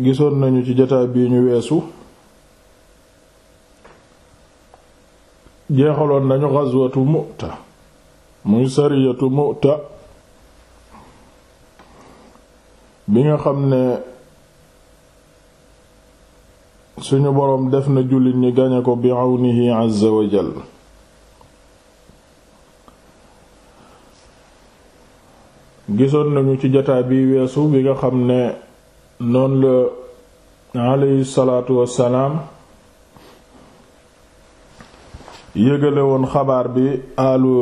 gisoon nañu ci jotaay bii ñu weesu jeexaloon nañu ghazwatu Mu'ta muy sariyatu Mu'ta bi nga xam ne suñu boroom def na jullit ñi gañe ko bi awnihi azza wa jal gisoon nañu ci jotaay bii weesu bi nga xam ne noonu la aleyhi salaatu wassalaam yëgale woon xabaar bi alu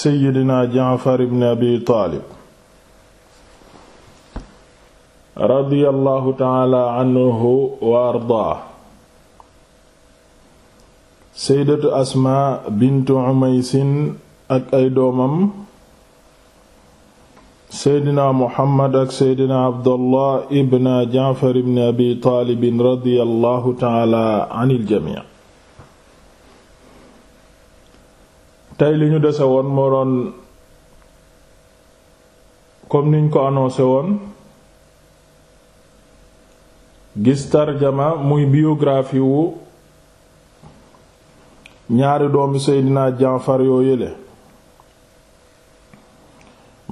seydina jaafar ibn abi taalib radiyallahu taala anhu wa ardaa seydatu asmaa bintu umaysin ak ay doomam seydina muhammad ak seydina abdullah tey li ñu dese woon moo doon comme niñ ko annoncé woon gis tarjama muy biographie wu ñaari doomi seydina jaafar yoo yële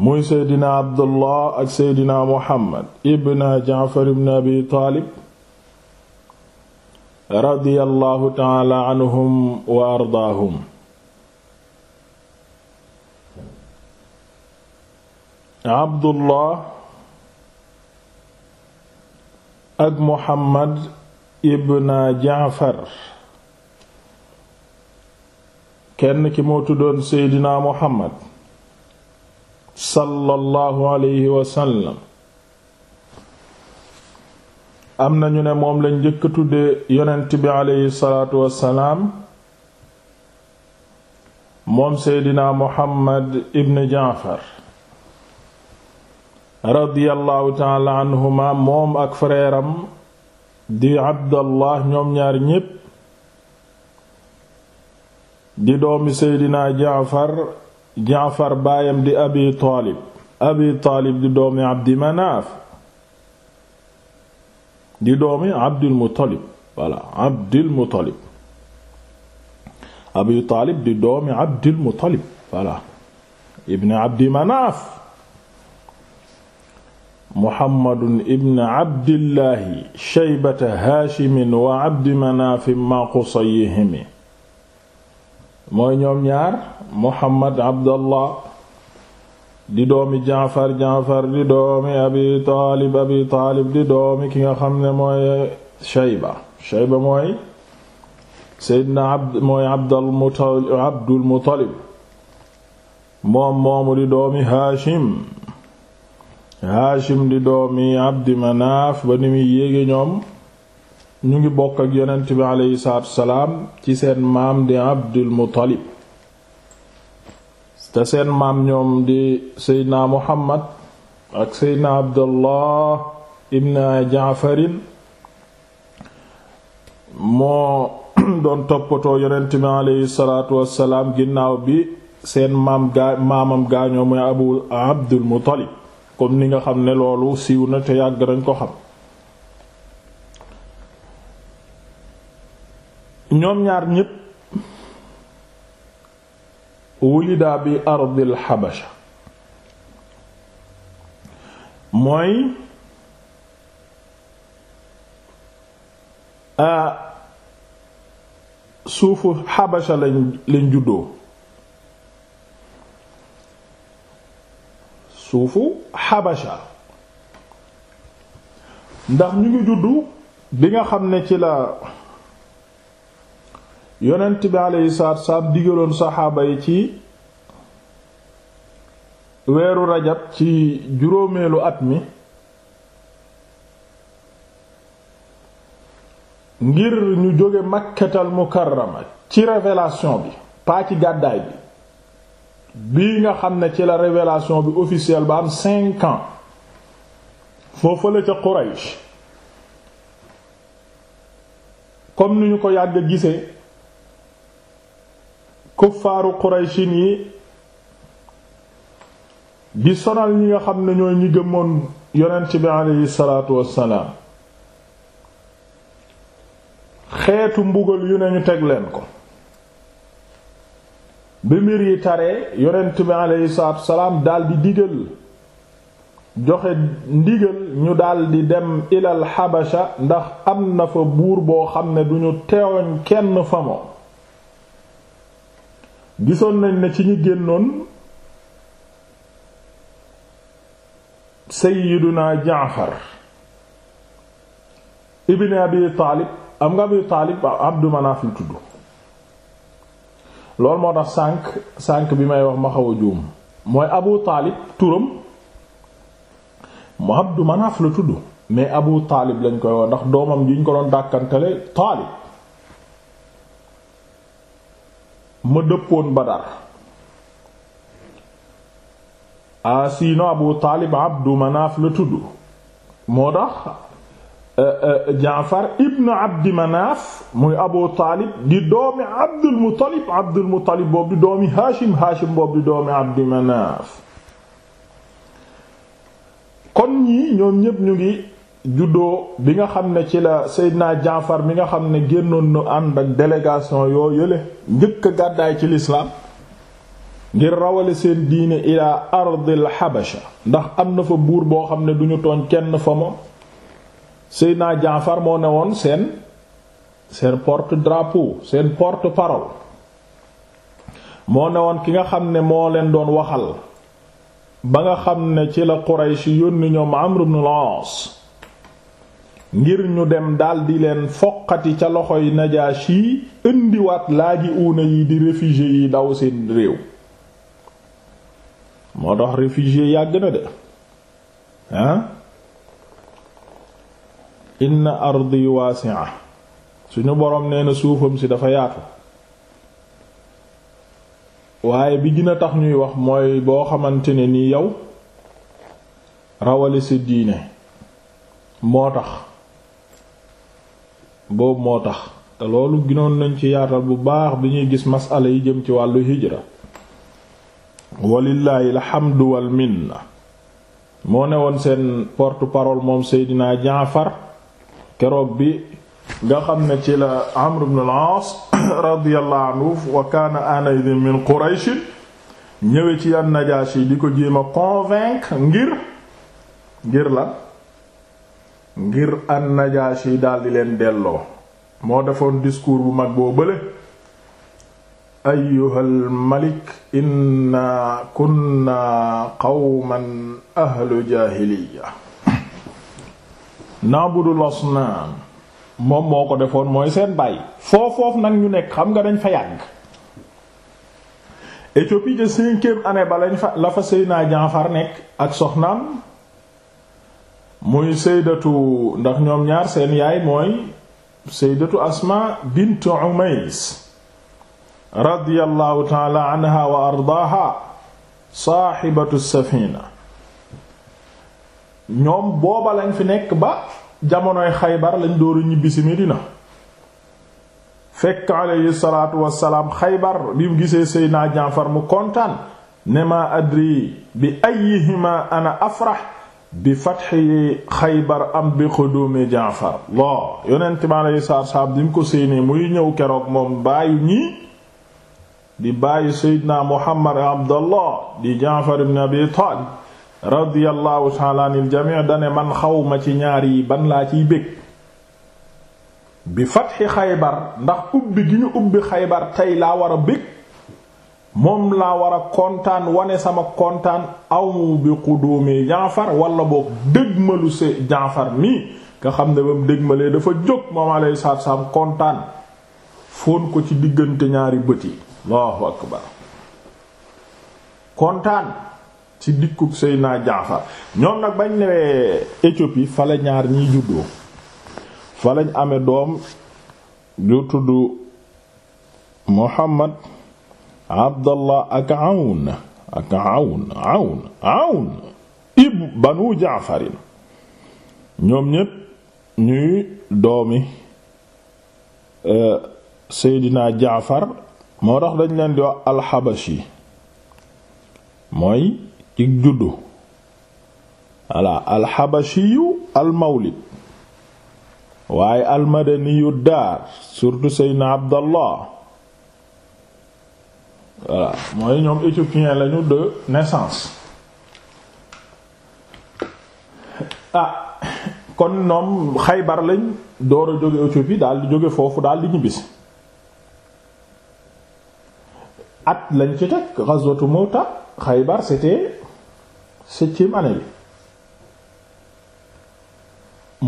muy seydina abdullah ak seydina muhammad ibn jaafar ibn abi taalib radiyallahu taala anhum wa ardaahum abdullah ak muhammad ibn jaafar kenn ki moo tuddoon seydina muhammad sallallahu alayhi wa am na ñu ne moom lañ njëkk tudde yonent bi alayhi salaatu wassalaam moom seydina Muhammad ibn Jaafar radiyallahu taala anhuma moom ak frère am di Abdallah ñoom ñaar ñépp di doomi seydina Jaafar jaafar baayam di abi taalib abi taalib di doomi abdi manaaf di doomi abdul muttalib voilà abdul muttalib abi taalib di doomi abdul muttalib voilà ibn abdi manaaf muhammadun ibn abdillahi shaybata haashimin wa abdi manaafin ma qusayhimi mooy ñoom ñaar Muhammad Abdallah di doomi Jaafar Jaafar di doomi Abi Taalib Abi Taalib di doomi ki nga xam ne mooy Shayba Shayba mooy Seydina mooy Abdul Muttalib moom moomu di doomi Haashim Haashim di doomi Abdi Manaaf ba ni muy yéege ñoom ñu ngi bokk ak yonent bi aleyhi salaatu salaam ci seen maam di Abdul Muttalib te seen maam ñoom di Seydina Muhammad ak Seydina Abdallah ibn Jaafarin moo doon toppatoo yonent bi aleyhi salaatu wassalaam ginnaaw bi seen maam gaa maamam gaañoo muy Abu Abdul Muttalib comme ni nga xam ne loolu siiw na te yàgg nañ ko xam ñoom ñaar ñépp wulida bi ardil xabasha mooy suufu xabasha lañ lañ juddoo suufu xabasha ndax ñu ngi juddu bi nga xam ne ci la yonent bi alayhi salaatu salaam digaloon saxaaba yi ci weeru rajab ci juróomeelu at mi ngir ñu jóge makkatal mukarrama ci révélation bi paa ci gàddaay bi bii nga xam ne ci la révélation bi officielle ba am cinq ans foofu la ca Quraysh comme ni ñu ko yàgg gisee kuffaaru quraychin yi di sonal ñi nga xam nañoo ñi gëmoon yonent bi aleyhi salaatu wassalaam xeetu mbugal yu ne ñu teg leen ko bi mbir yi taree yonent bi aleyhi salaatu wassalaam daldi digal joxe ndigal ñu daldi dem ilal xabasha ndax am na fa buur boo xam ne duñu teewoñ kenn fa gisoon nañ ne ci ñi génnoon naa jaafar ibn abi taalib am nga abi taalib abdu manaaf lu tudd loolu moo tax sànq sànq bi may wax ma xaw a juum mooy abu taalib turam mu abdu manaaf la tudd mais abu taalib lañ koy wax ndax doomam ji ñu ko doon dàkkantale taalib ma dëppoon Badar a siino Abu Taalib Abdu Manaaf la tudd moo tax eh, eh, Jaafar ibn Abdi Manaaf muy Abu Taalib di doomi Abdul Muttalib Abdul Muttalib boobu di doomi Haashim Haashim boobu di doomi Abdi Manaaf kon ñii ñoom ñépp ñu ngi juddoo bi nga xam ne ci la seyd naa Jaafar mi nga xam ne génnoon nu ànd ak délégation yoo yële njëkk gàddaay ci lislaam ngir rawale seen diine ilaa ardil xabasha ndax am na fa buur boo xam ne duñu tooñ kenn fa moom Seydina Jaafar moo ne woon seen seen porte drapeau seen porte parole moo ne woon ki nga xam ne moo leen doon waxal ba nga xam ne ci la Quraysh yónni ñoom Amr ibn al ngir ñu dem daldi leen foqati ca loxoy najaashi yi indiwaat laaji uuna yi di réfugié yi daw seen réew moo tax réfugié yàgg na de ah inna ardi waasi'a suñu boroom nee na suufam si dafa yaatu waaye bi dina tax ñuy wax mooy boo xamante ne ni yow rawale sa diine moo tax boobu moo tax te loolu ginoon nañ ci yaatal bu baax bi ñuy gis masala yi jëm ci wàllu hijra walillaahi alhamdu wal minna moo ne woon seen porte-parole moom Seydina Jaafar keroog bi nga xam ne ci la Amr ibn al-Aas radiyallahu anhu wa kaana anaydin min Quraysh ñëwee ci an Najaashi di ko jéem a convaincre ngir ngir la ngir an Najaashi daldi leen delloo moo defoon discours bu mag boo bële ayyuhal malik inna kunna qawman bu jaahiliya na'budul asnaam moom moo ko defoon mooy seen bàyyi foofoof nag ñu nekk xam nga dañ fa yàgg Éthiopie de cinquième année ba lañ fa la fa Seydina Jaafar nekk ak soxnaam muy saydatu ndax ñoom ñaar seen yaay mooy saydatu asma bint umays radiyallahu taala anha wa ardaaha saaxibatu safina ñoom booba lañ fi nekk ba jamonoy xaybar lañ dooru ñibbisi medina fekk alayhi salaatu wassalaam xaybar bi mu gisee seydna jaafar mu kontaan ne adri bi ayihima ana afrah bi fatxi xaybar am bi xudumi jaafar loo yonent mi aleyhi salaatu salaam mu ko séenee muy ñëw keroog moom baayu ñii di baayu seydina muhammad abdallah di jaafar ibn abi taalib radiyallahu taala anil jamii dane man xawma ci ñaar yi ban laa ciy bég bi fatxi xaybar ndax ubbi gi ñu ubbi xaybar tey laa war a moom laa war a kontaan wane sama kontaan aw bi xuduumi jaafar wala boog dëgmalu se jaafar mii nga xam ne ba mu dëgmalee dafa jóg moom alayhi salaatu kontaan foon ko ci diggante ñaari bët yi allahu akbar kontaan ci sëy naa Jaafar ñoom nag bañ newee Éthiopie fale ñaar ñiy juddoo fa lañ amee doom ju tudd Muhammad abdallah ak awn ak awn awn awn ib banu jaafarin ñoom ñépp ñuy doomi euh, seydina jafar moo tax dañ leen di wax alxabashi mooy ci juddu walla alxabashiyu almawlid waaye almadaniyu daar surtout seydina abdallah voilà mooy ñoom éthiopien lañu de naissance ah kon noom Xaybar lañ door a jóge Éthiopie daal di jóge foofu daal di ñibbisi at lañ ci teg ghazwatu Mouta Xaybar c'était septième année bi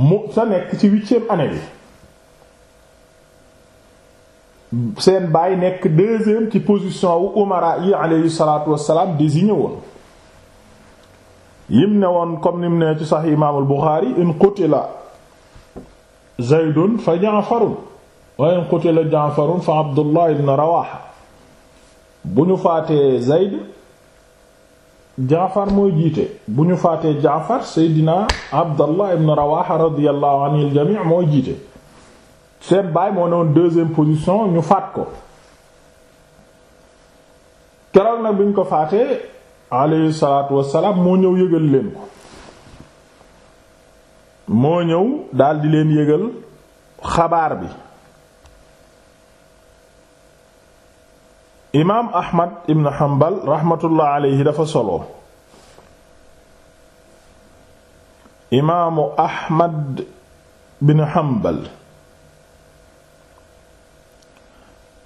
mu sa nekk ci huitième année bi seen baay nekk deuxième ci position wu umara yi aleyhi salaatu wassalaam désigné woon yim ne woon comme nim ne ci sax imaamul Buxaari in qutila zaydun fa jaafarun wa in qutila jaafarun fa abdullah ibn rawaha bu ñu faatee zayd jaafar mooy jiite bu ñu faatee jaafar seydina abdullah ibn rawaha radiyallahu anil jami' mooy jiite seen baay moo newoon deuxième position ñu faat ko keroog nag bi ñu ko faatee alayhi salaatu wassalaam moo ñëw yëgal leen ko moo ñëw daldi leen yëgal xabaar bi imaam ahmad ibn hanbal rahmatullah alayhi dafa solo imaamu ahmad bin hanbal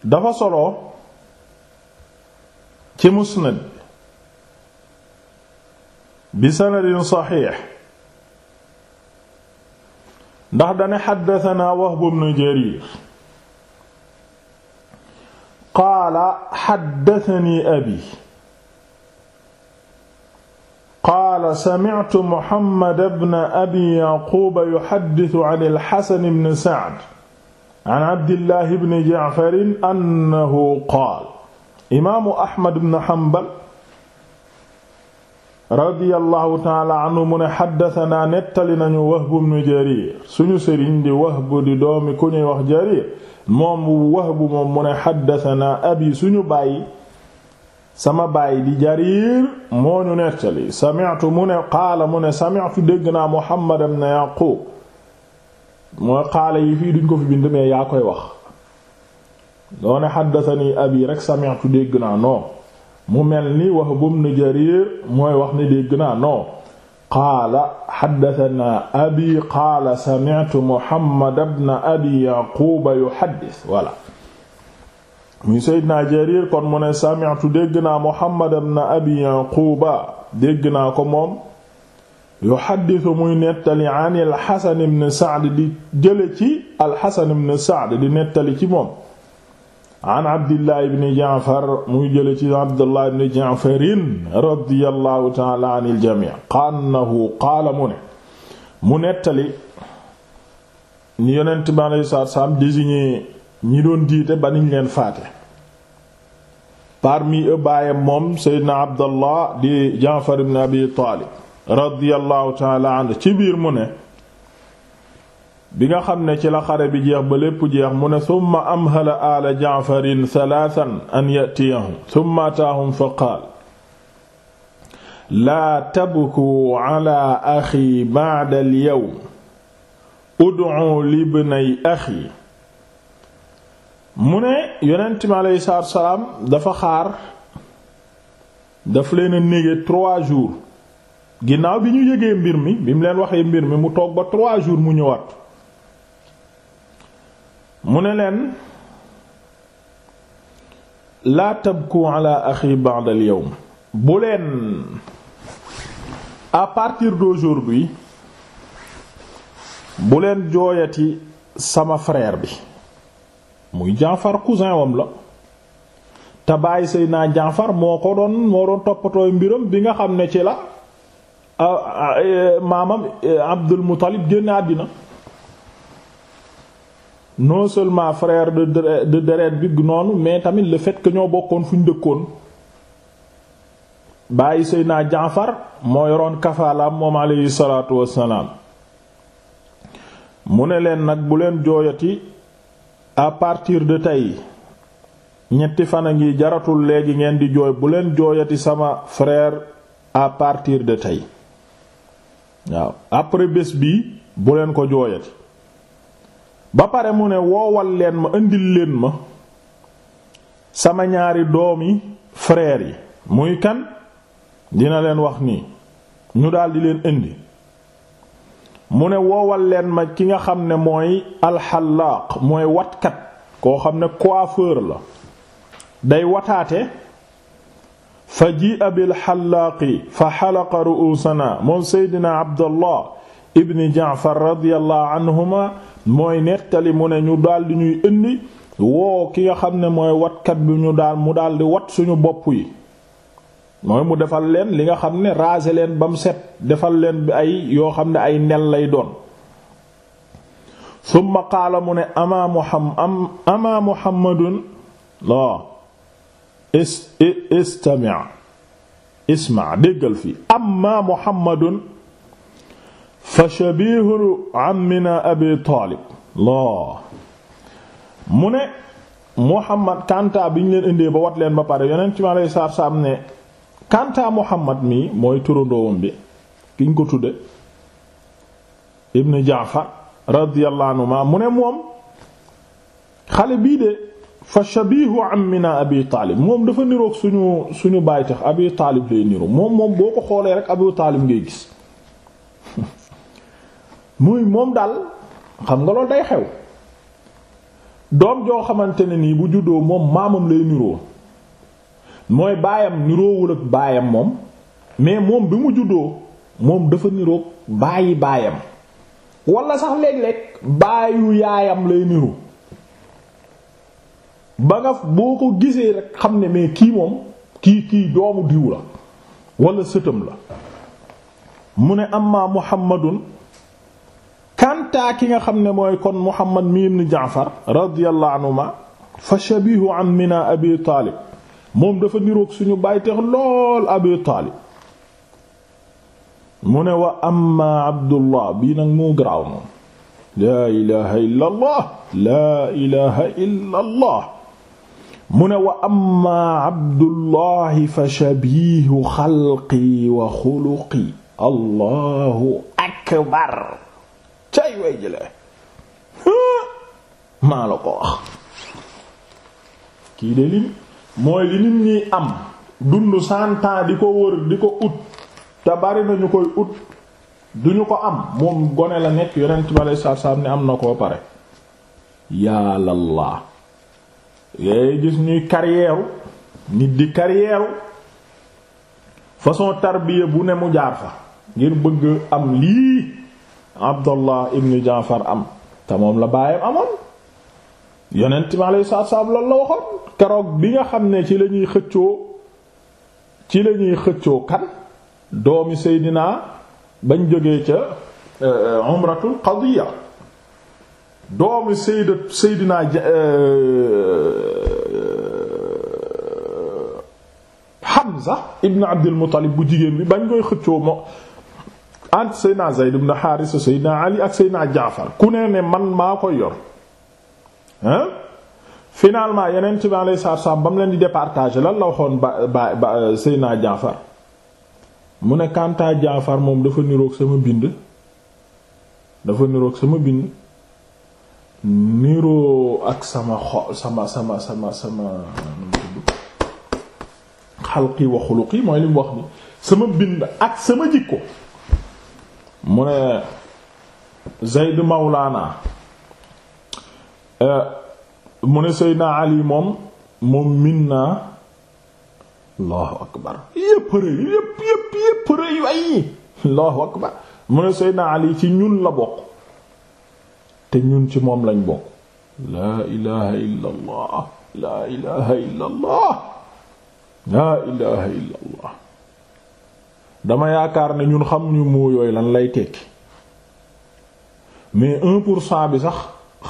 dafa solo ci musnad bi sanadin saxiix ndax dane xaddatanaa Wahb ibn Jariir qaala xaddatani abi qaala sami'tu Muhammad ibn abi Yaquuba yuxaddisu an al-Xasan ibn Sa'd an abdillah ibn jaafarin annahu qaal imaamu ahmad ibn hanbal radiyallahu taala anhu mu ne xaddatanaa nettali nañu wahb ibn jarir suñu sëriñ di wahb di doomi ku ñuy wax jarir moom wahb moom mu ne xaddatanaa abi suñu bàyyi sama bàyyi di jarir moo ñu nettali sami'tu mu ne qaala mu ne sami'tu dégg naa muhammad ibn yaqub mooy xaala yi fii duñ ko fi bind mais yaa koy wax doone xaddatani abi rek sami'tu dégg naa non mu mel ni wax bum na jarir mooy wax ni dégg naa non qaala xaddatana abi qaala sami'tu muhammad ibn abi yaquba yuhaddis voilà muy seydna jarir kon mu ne sami'tu dégg naa muhammad ibn abi yaquba dégg naa ko moom yuxaddisu muy nettali an alxasan ibn saad di jële ci alxasan ibn saad di nettali ci moom an abdillah ibn jafar muy jële ci abdullah ibn jaafarin radiyallahu taala an iljami annahu qaala mu ne mu nettali ñu yonent bi alayhi salaatu salaam désigné ñi doon jiite ba niñ leen faate parmi eux baayam moom seydna abdallah di jaafar ibn abi taalib radiyallahu taala ci biir mu ne bi nga xam ne ci la xare bi jeex ba lépp jeex mu ne summa amhala ala jaafarin salaatan an yatiyahum summa ataahum fa qaal laa tabku ala axi ba'da al-yawm libnay axi mu ne yonent mi aleyhi salaatu dafa xaar daf leen a nége trois jours ginnaaw bi ñu yëgee mbir mi bi mu leen waxee mbir mi mu toog ba trois jours mu ñëwaat mu ne leen laa tabku ala axi ba'da al yawm bu leen à partir d'aujourd'hui bu leen jooyati sama frère bi muy Jaafar cousin wam la te bàyyi say naa Jaafar moo ko doon moo doon toppatooy mbiram bi nga xam ne ci la Ah, ah, eh, maamam eh, Abdul Muttalib génn àddina noo seulement frère de de deret bi noonu mais tamit le fait que ñoo bokkoon fu ñu dëkkoon bàyyi Seydina Jaafar moo yoroon kafaalaam moom aleyhi salaatu wassalaam mu ne leen nag bu leen jooyati à partir de tey ñetti fan a ngi jaratul léegi ngeen di jooy bu leen jooyati sama frère à partir de tey waaw après bés bii bu leen ko jooyati ba pare mu ne woowal leen ma indil leen ma sama ñaari doomi frère yi muy kan dina leen wax nii ñu daldi leen indi mu ne woowal leen ma ki nga xam ne mooy alxallaaq mooy watkat koo xam ne coiffeur la day wataate fa jii abil xallaaqi fa xalaqa ru'uusanaa moom seydina abdallah ibni jaafar radiyallahu mooy nettali mu ne ñu daldi ñuy indi woo ki nga xam ne mooy watkat bi ñu daal mu daldi wat suñu bopp yi mooy mu defal leen li nga xam ne raase leen ba set defal leen bi ay yoo xam ne ay ndel lay doon summa qaala mu ne ama muhammad am ama muhammadun la is istami' isma déggal fii amma muhammadun fa shabihu ammina abi taalib laa mu ne muhammad kanta bi leen indee ba wat leen ba pare yonent mi alayhi salaatu salaam ne kanta muhammad mi mooy turandoowam bi ki ko tudde ibn jaafar radiyallahu anhu mu ne moom xale bii de fa shabihu ammina abi taalib moom dafa niroog suñu suñu baay tax abi taalib lay niro moom moom boo ko xoolee rek abi taalib ngay gis muy moom daal xam nga loolu day xew doom joo xamante ne nii bu juddoo moom maamam lay niroo mooy baayam niroowul ak baayam moom mais moom bi mu juddoo moom dafa niroog baayi baayam walla sax léeg-léeg baayu yaayam lay niru ba nga boo ko gisee rek xam ne mais kii moom kii kii doomu diw walla wala la mu ne amma muhammadun kantaa ki nga xam ne mooy kon mu mi ibn jaafar radiyallahu anhuma fa shabihu ammina abi taalib moom dafa niroog suñu bàyteex lool abi taalib mu ne wa amma abdullah bii nag moo garaaw moom laa ilaha illa mu ne wa amma abdullahi fa shabiihu xalqi wa xuluqi allahu akbar cay way jëlee maa la ko wax kii de li mooy li nit ñi am dund cent di ko wër di ko ut te bari nañu koy ut duñu ko am moom gone la nekk yonent bi aleyhi salaatu salaam ne am na koo pare yàlla yooyu gis ñuy carrière nit di carrière façon tarbiya bu ne mu jaar fa ngir bëgg am lii Abdallah ibn Jaafar am te moom la baayam amoon yonent mi alayhi salaatu salaam la waxoon keroog bi nga xam ne ci lañuy xëccoo ci lañuy xëccoo kan doomi Seydina bañ jógee ca euh, euh, umratul qadiya doomi sayda saydina euh, Hamza ibn Abdul Muttalib bu jigéen bi bañ koy xëccoo mo ant saydina Zayd ibn Haarisa saydina Ali ak saydina Jaafar ku ne ne man maa koy yor hein finalement yeneen ci lay saar saam ba leen di départager lan la waxoon ba ba ba saydina Jaafar mu ne Kanta Jaafar moom dafa niroog sama bind dafa niroog sama bind niroo ak sama xo sama sama sama sama xalqi wa xuluqi mooy li mu wax ni sama bind ak sama jikko mu ne Zayd Mawlaana euh, mu ne Seydina Ali moom moom minna Allahu akbar yépp rëy yépp yépp yépp rëy Allahu akbar mu ne Seydina Ali ci ñun la bokk te ñun ci moom lañ bokk laa ilaha illa laa ilaha illa laa ilaha illa dama yaakaar ne ñun xam ñu moo yooyu lan lay tekki mais un bi sax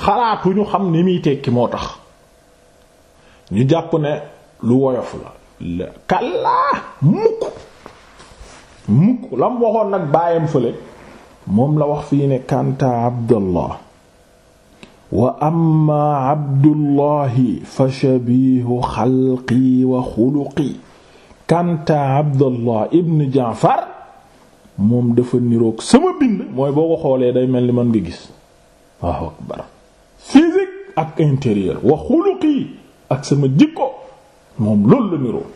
xalaatu ñu xam ni muy tekki moo tax ñu jàpp ne lu woyof la kallaa mukk mukk lam waxoon nag baayam fële moom la wax fii ne kanta abdallah wa amma abdullahi fa shabiihu xalqi wa xuluqi kanta abdullah ibn jaafar moom dafa niroog sama bind mooy boo ko xoolee day mel ni man nga gis waaw akbar physique ak intérieur wa xuluqi ak sama jikko moom loolu la niroo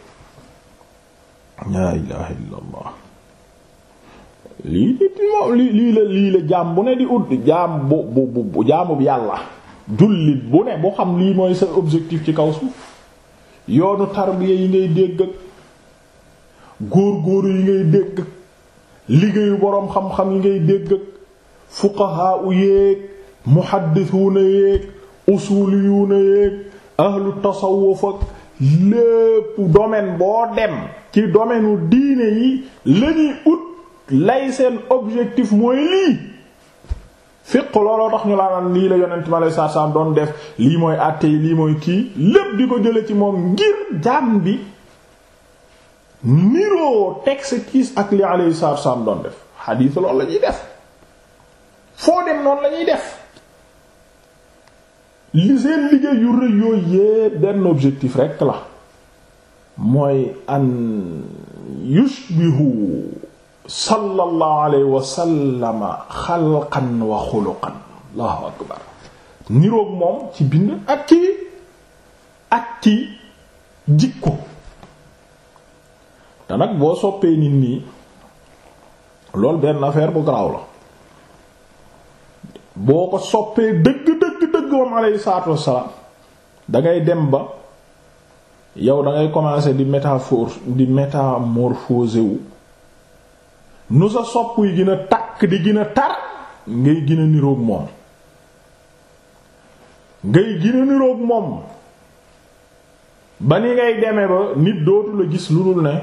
laa ilaha illa lii di moom lii la lii la jaam bu ne di ut jaam bu bu bu jaamub yàlla jullit bu ne boo xam lii mooy sa objectif ci kaw suuf yoonu tarbiya yi ngay dégg góor-góoru yi ngay dégg ak liggéeyu boroom xam-xam yi ngay dégg ak fuqahaa u yéeg muhaddisuuna yéeg usuliyuuna yéeg ahlu tasawuf lépp domaine boo dem ci domaine diine yi lañuy ut lay seen objectif mooy lii fiq looloo tax ñu laa naan lii la yonent ma lay sarsam doon def lii mooy àtte lii mooy kii lépp di ko jële ci moom ngir jaam bi niroo texte kiis ak li alayhi sarsam doon def xadiis loolu la def foo dem noonu la def li seen liggéey yu rëy yooyu benn objectif rekk la mooy an yushbihu sallallahu alayhi wa sallam xalqan wa xuluqan allahu niroog moom ci bind ak ci ak jikko te nag boo soppee nit nii loolu benn affaire bu garaaw la boo ko soppee dëgg dëgg dëgg moom alayhi salaatu wassalaam dangay dem ba yow dangay commencer di métaphore di métamorphosé wu nu sa sopp yi gën a takk di gin a tar ngay gën a niroog moom ngay gën a niroog moom ba ni ngay deme ba nit dootu la gis lu dul ne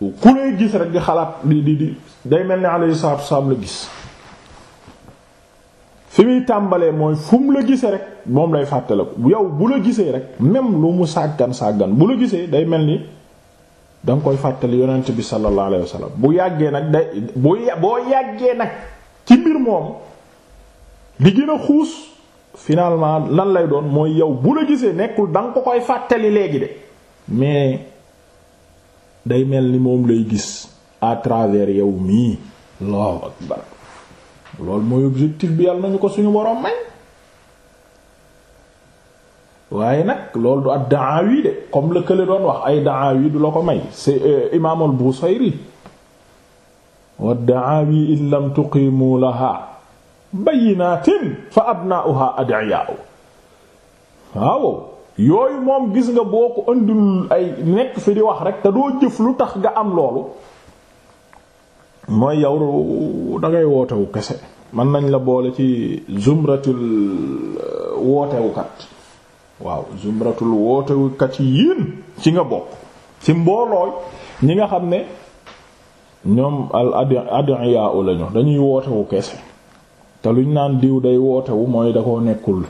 ku lay gis rek di xalaat di di di day mel ni alayhi salaatu wassalaam la gis fi muy tàmbalee mooy fu mu la gisee rek moom lay fàttaliku yow bu la gisee rek même lu mu sàggan sàggan bu la gisee day mel ni da nga koy fàttali yonent bi sallallahu alayhi wa bu yàggee nag day boo boo yàggee nag ci mbir moom li gën a xuus finalement lan lay doon mooy yow bu la gisee nekkul danga ko koy fàttali léegi de mais day mel ni moom lay gis à travers yow mii Allahu akbar loolu mooy objectif bi yàlla nañu ko suñu boroom may waaye nag loolu du ak daawi de comme la kële doon wax ay daawi du la ko may c'est euh, imaamul Busayri wa daawi in lam tuqimu laha bayyinatin fa abna'uha ad'iyaa'u waaw yooyu moom gis nga boo ko andilul ay nekk fi di wax rek te doo jëf lu tax nga am loolu mooy yow dangay wootewu kese mën nañ la boole ci zumratul euh, wootewukat waaw wootewu wootekat yiin ci nga bokk ci mboolooy ñi nga xam ne ñoom al adiya u lañu dañuy wootewu kese te luñ naan diw day wootewu mooy da ko nekkul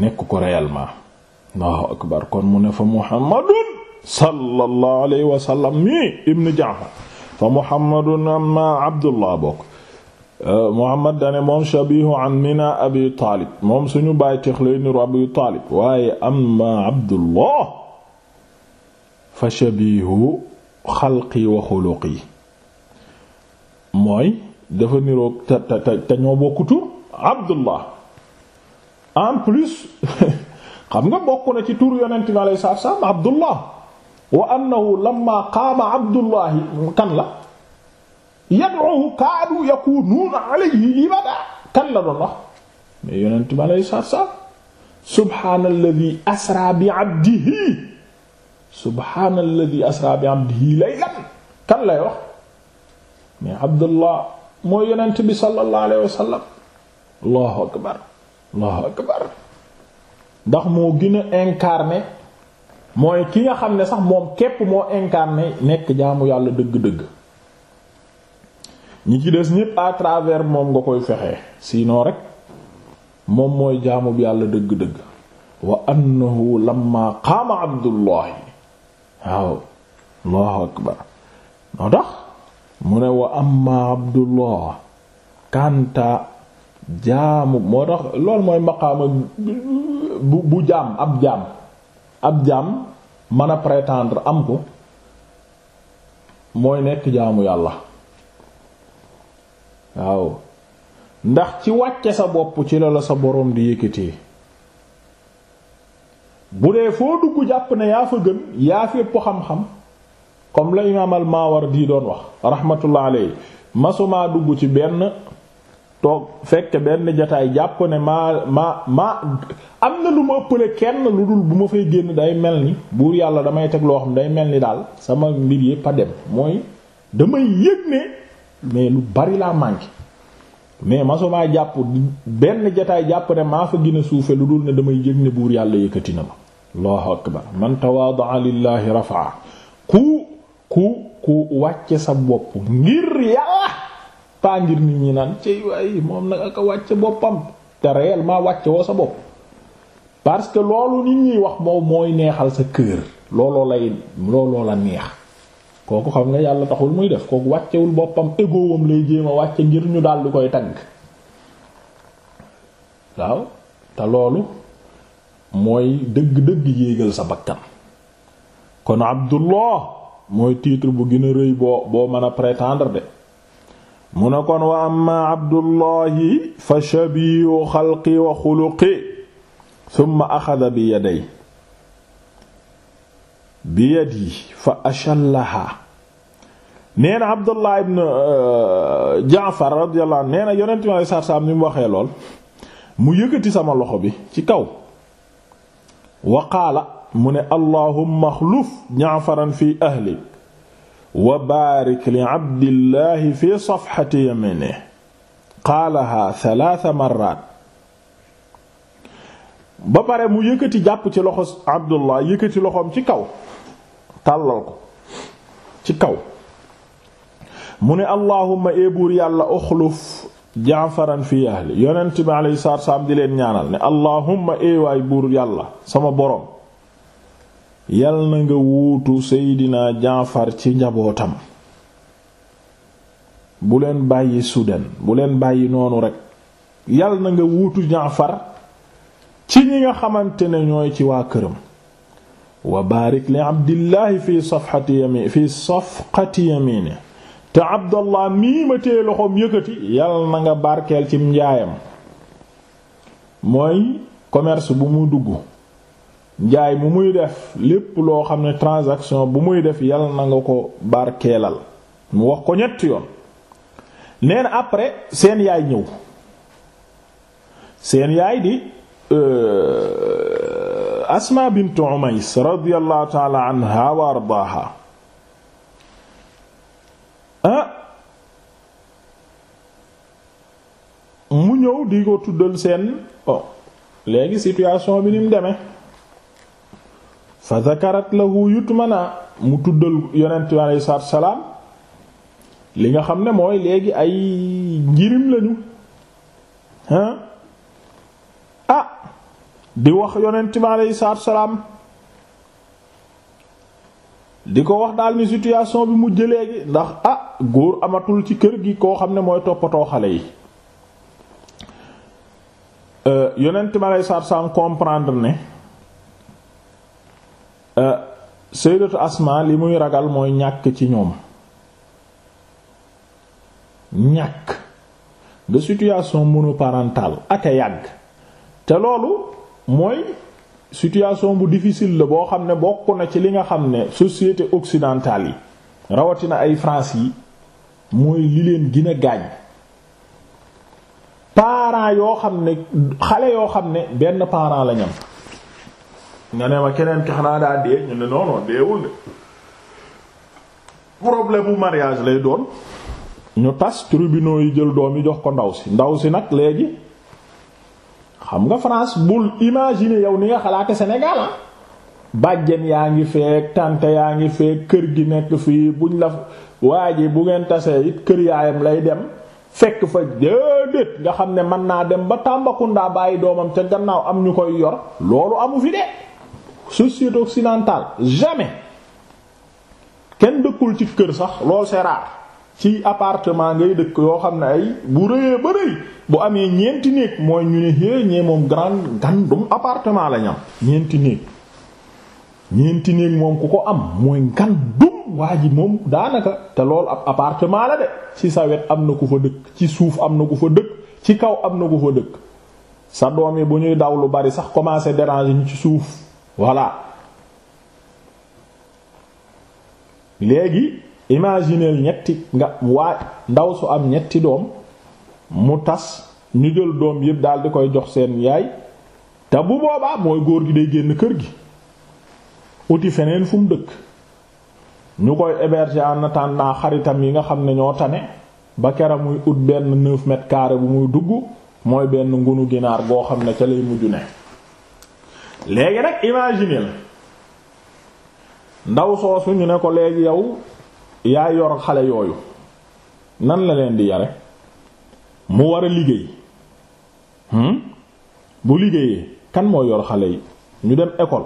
nekk ko réellement allahu akbar kon mu ne fa muhammadun sallallahu alayhi wa sallam mi ibnu jaafar fa muhammadun amma abdullah bokk Euh, Muhammad dane moom shabihu an abi taalib moom suñu baay teex lay niru abi taalib waaye amma Abdullah fa shabihu xalqi wa xuluqi mooy dafa niroog te te te Abdullah en plus xam nga bokk na ci tur yonent bi alayhi salaam Abdullah wa annahu lamma qaama Abdullahi kan la yad'uhu kaadu yakunuuna alayhi libada kan la doon wax mais yonent bi alayhi salaatu salaam subhaanalladhi bi abdihi subhaanalladhi asra bi lay wax mooy yonent bi sallallahu alayhi wa sallam allahu ndax moo gën a incarné mooy ki nga xam ne sax moom képp moo incarné nekk jaamu yàlla dëgg-dëgg ñi ci des ñépp à moom nga koy fexee sinon rek moom mooy jaamu bi yàlla dëgg-dëgg wa annahu lamma qaama abdullahi waaw allahu akbar noo tax mu ne wa amma abdullah kanta jaamu moo tax loolu mooy maqaama bu bu jaam ab jaam ab jaam mën a prétendre am ko mooy nekk jaamu yàlla waaw ndax ci wàcce sa bopp ci la la sa boroom di yëkkatee bu dee foo dugg jàpp na yaa fa gën yaa fi ëpp xam-xam comme la imaam al di doon wax rahmatullah alayhi masumaa dugg ci benn toog fekke benn jataay jàpp ne maa maa maa am na lu ma ëppale kenn lu dul bu ma fay génn day mel ni buur yàlla damay tegloo loo xam day mel ni daal sama mbir yépp a dem mooy damay yëg ne mais lu bari laa manqué mais maa jàpp benn jataay jàpp ne maa fa gën suufe lu dul ne damay yëg ne buur yàlla yëkkati na ma allahu akbar man tawadaa lillahi rafaa ku ku ku wàcce sa bopp ngir yàlla paa ngir nit ñi naan cey ay moom nag aka wàcce boppam te réellement wàcce woo sa bopp parce que loolu nit ñiy wax moom mooy neexal sa kër looloo lay looloo la neex kooku xam nga yàlla taxul muy def kooku wàccewul boppam égoowam lay jéem a wàcce ngir ñu daal di koy tagg waaw te loolu mooy dëgg-dëgg yéegal sa bakkan kon abdullah mooy titre bu gën a rëy boo boo mën a prétendre de mu ne kon wa amma yi fa shabiu xalqi wa xuluqi thumma axada bi yaday bi yadi fa achallaha nee na abdullah ibn uh, jaafar radiyallahu anhu nee na yonent mi alei satu salaam mu waxee lool mu yëkkati sama loxo bi ci kaw wa qaala mu ne allahumma axluf jaafaran fi ahlik wa baarik li abdillahi fi safhati yaminihi qaalaha thalatha marrat ba pare mu yëkkati jàpp ci loxo abdullah yëkkati loxoom ci kaw tàllal ko ci kaw mu ne allahumma eebuur yàlla uxluf jaafaran fi ahli yonent bi alayhi salaatu di leen ñaanal ne allahumma eewaay buur yàlla sama boroom yal na nga wuutu seydinaa jaafar ci njabootam bu leen bàyyi sudan bu leen bàyyi noonu rekk yal na nga wuutu jaafar ci ñi nga xamante ne ñooy ci waa këram wa baarik li abdillahi fi safxati yami fi safqati yamine te abdallah mii ma téye loxoom yëkkati yàlla na nga barkeel ci njaayam mooy commerce bu mu dugg njaay mu muy def lépp loo xam ne transaction bu muy def yàlla na nga ko barkeelal mu wax ko ñett yoon neen après seen yaay ñëw seen yaay di euh, Asma bint Umays radiyallahu taala anha wa ardaaha ah mu ñëw di ko tuddal seen léegi situation bi ni deme demee fa zakarat lahu yutmana mu tuddal yonent bi alayhi salaatu salaam li nga xam ne mooy léegi ay njirim lañu ah di wax yonent bi aleyhi salaam di ko wax daal ni situation bi mujj léegi ndax ah góor amatul ci kër gi koo xam ne mooy toppatoo xale yi euh, yonent bi aleyhi salaatu salaam comprendre ne euh, sayyidatu Asma li muy ragal mooy ñàkk ci ñoom ñàkk de situation monoparentale ak a yàgg te loolu mooy situation bu difficile la boo xam ne bokk na ci li nga xam ne société occidentale yi rawatina ay France yi mooy li leen gën gaañ parents yoo xam ne xale yoo xam ne benn parent la ñam nga ne ma keneen ki xanaa daa dee ñu ne non non deewul de problème bu mariage lay doon ñu tas tribunaux yi jël doom yi jox ko ndaw si ndaw si nag léegi xam nga France bul imaginer yow ni nga xalaate Sénégal ah bàjjen yaa ngi feek tante yaa ngi feek kër gi nekk fii buñ la waa ji bu ngeen tasee it kër yaayam lay dem fekk fa déedéet nga xam ne mën naa dem ba Tambacounda bàyyi doomam ca gannaaw am ñu koy yor loolu amu fi de société occidentale jamais kenn dëkkul ci kër sax loolu c'est rare ci appartement ngay dëkk yoo xam ne ay bu rëyee ba rëy bu amee ñeenti néeg mooy ñu ne hé ñee moom grand gandum appartement la ñam ñeenti néeg ñeenti néeg moom ku ko am mooy gandum waa ji moom daanaka te lool ab apartement la de ci sa wet am na ku fa dëkk ci suuf am na ku fa dëkk ci kaw am na ku fa dëkk sa doom yi bu ñuy daw lu bari sax commencé déranger ñu ci suuf voilà léegi imaginer ñetti nga waa ndaw su am ñetti doom mu tas ñu jël doom yépp daal di koy jox seen yaay te bu boobaa mooy góor gi day génn kër gi uti feneen fu mu dëkk ñu koy héberger en attendant xaritam yi nga xam ne ñoo tane ba kera muy ut benn neuf mètres carrés bu muy dugg mooy benn ngunu ginaar goo xam ne ca lay mujj ne léegi nag imaginer ndaw soosu ñu ne ko léegi yow yaa yor xale yooyu nan la leen di yare mu war a liggéey hmm? bu liggéeyee kan moo yor xale yi ñu dem école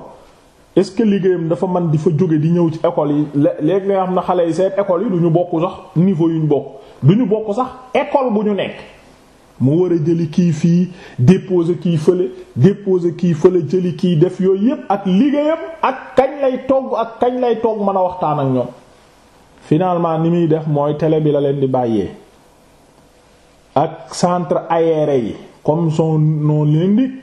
est-ce que liggéeyam dafa man di fa jóge di ñëw ci école yi léegi nga xam ne xale yi seen école yi du ñu bokk sax niveau yu ñu bokk du ñu bokk sax école bu ñu nekk mu war a jëli kii fii déposer kii fële déposer kii fële jëli kii def yooyu yépp ak liggéeyam ak kañ lay togg ak kañ lay togg mën a waxtaan ak ñoom finalement ni muy def mooy tele bi la leen di bàyyee ak centre aéré yi comme son nom l'indique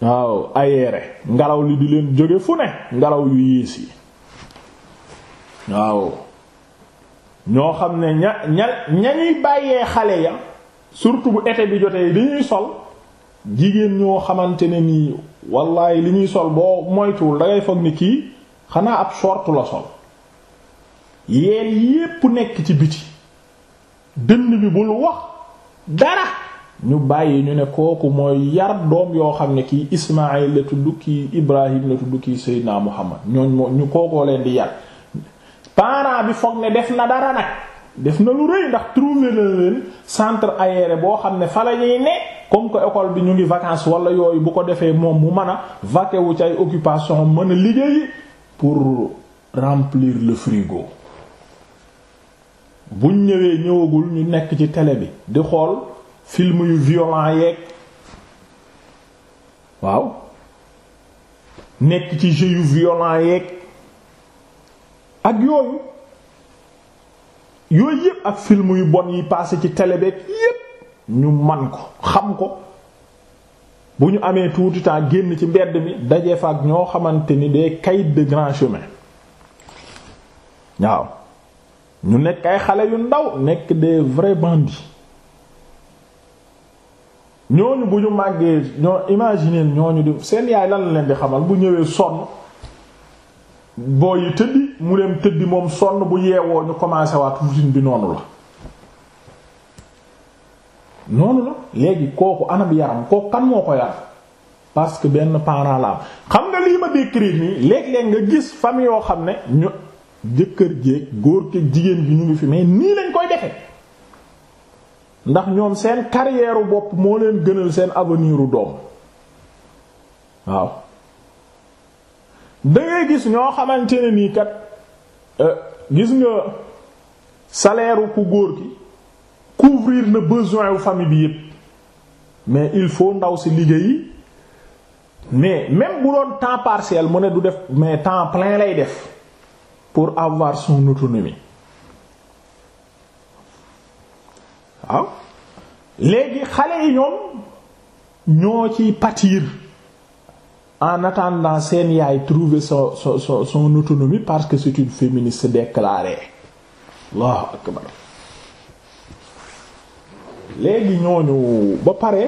waaw aéré ngelaw li di leen jóge fu ne ngelaw yu yiis yi waaw ñoo xam ne ña ña ñañuy bàyyee xale ya surtout bu été bi jotee li ñuy sol jigéen ñoo xamante ne nii wallaay li ñuy sol boo moytuwul dangay foog ni kii xanaa ab short la sol yeel yépp nekk ci biti dënn bi bul wax dara ñu bàyyi ñu ne kooku mooy yar doom yoo xam ne kii Ismaayil la tudd kii Ibrahim la tudd kii Seydina Muhammad ñooñ moo ñu kookoo leen di yar parent bi foog ne def na dara nag def na lu rëy ndax trouver na leen centre aéré boo xam ne fa la ne comme que école bi ñu ngi vacances wala yooyu bu ko defee moom mu mën a vaquer wu ci ay occupation mën a liggéeyi pour remplir le frigo buñ ñëwee ñëwagul ñu nekk ci tele bi di xool film yu violent yeeg waaw nekk ci jeu yu violent yeeg ak yooyu yooyu yépp ak film yu bon yi passé ci télé bi yépp ñu man ko xam ko bu ñu amee tuuti temps génn ci mbedd mi dajee fa ak ñoo xamante ni des caïds de grand chemin waaw ñu nekk ay xale yu ndaw nekk des vrais bandits ñooñu bu ñu màggee ñoo imaginer ñooñu di seen yaay lan la leen di xamal bu ñëwee sonn booy yi tëddi mu dem tëddi moom sonn bu yeewoo ñu commencé waat routine bi noonu la noonu la léegi kooku anam yaram kooku kan moo ko yar parce que benn parent la xam nga lii ma décrire nii léeg-léeg nga gis famille yoo xam ne ñu jëkkër jéeg góor ki jigéen bi ñu ngi fi mais nii lañ koy defe ndax ñoom seen carrière bopp moo leen gënal seen avenir doom waaw da gis ñoo xamante ne nii kat euh, gis nga salaire ku góor ki couvrir na besoin wu famille bi yëpp mais il faut ndaw si liggéeyi mais même bu doon temps partiel mu ne du def mais temps plein lay def pour avoir son autonomie waaw léegi xale yi ñoom ñoo ci pâtir en attendant seen yaay trouver son son son parce que c'est une féministe déclarée Allahu akbar léegi ñooñu ba pare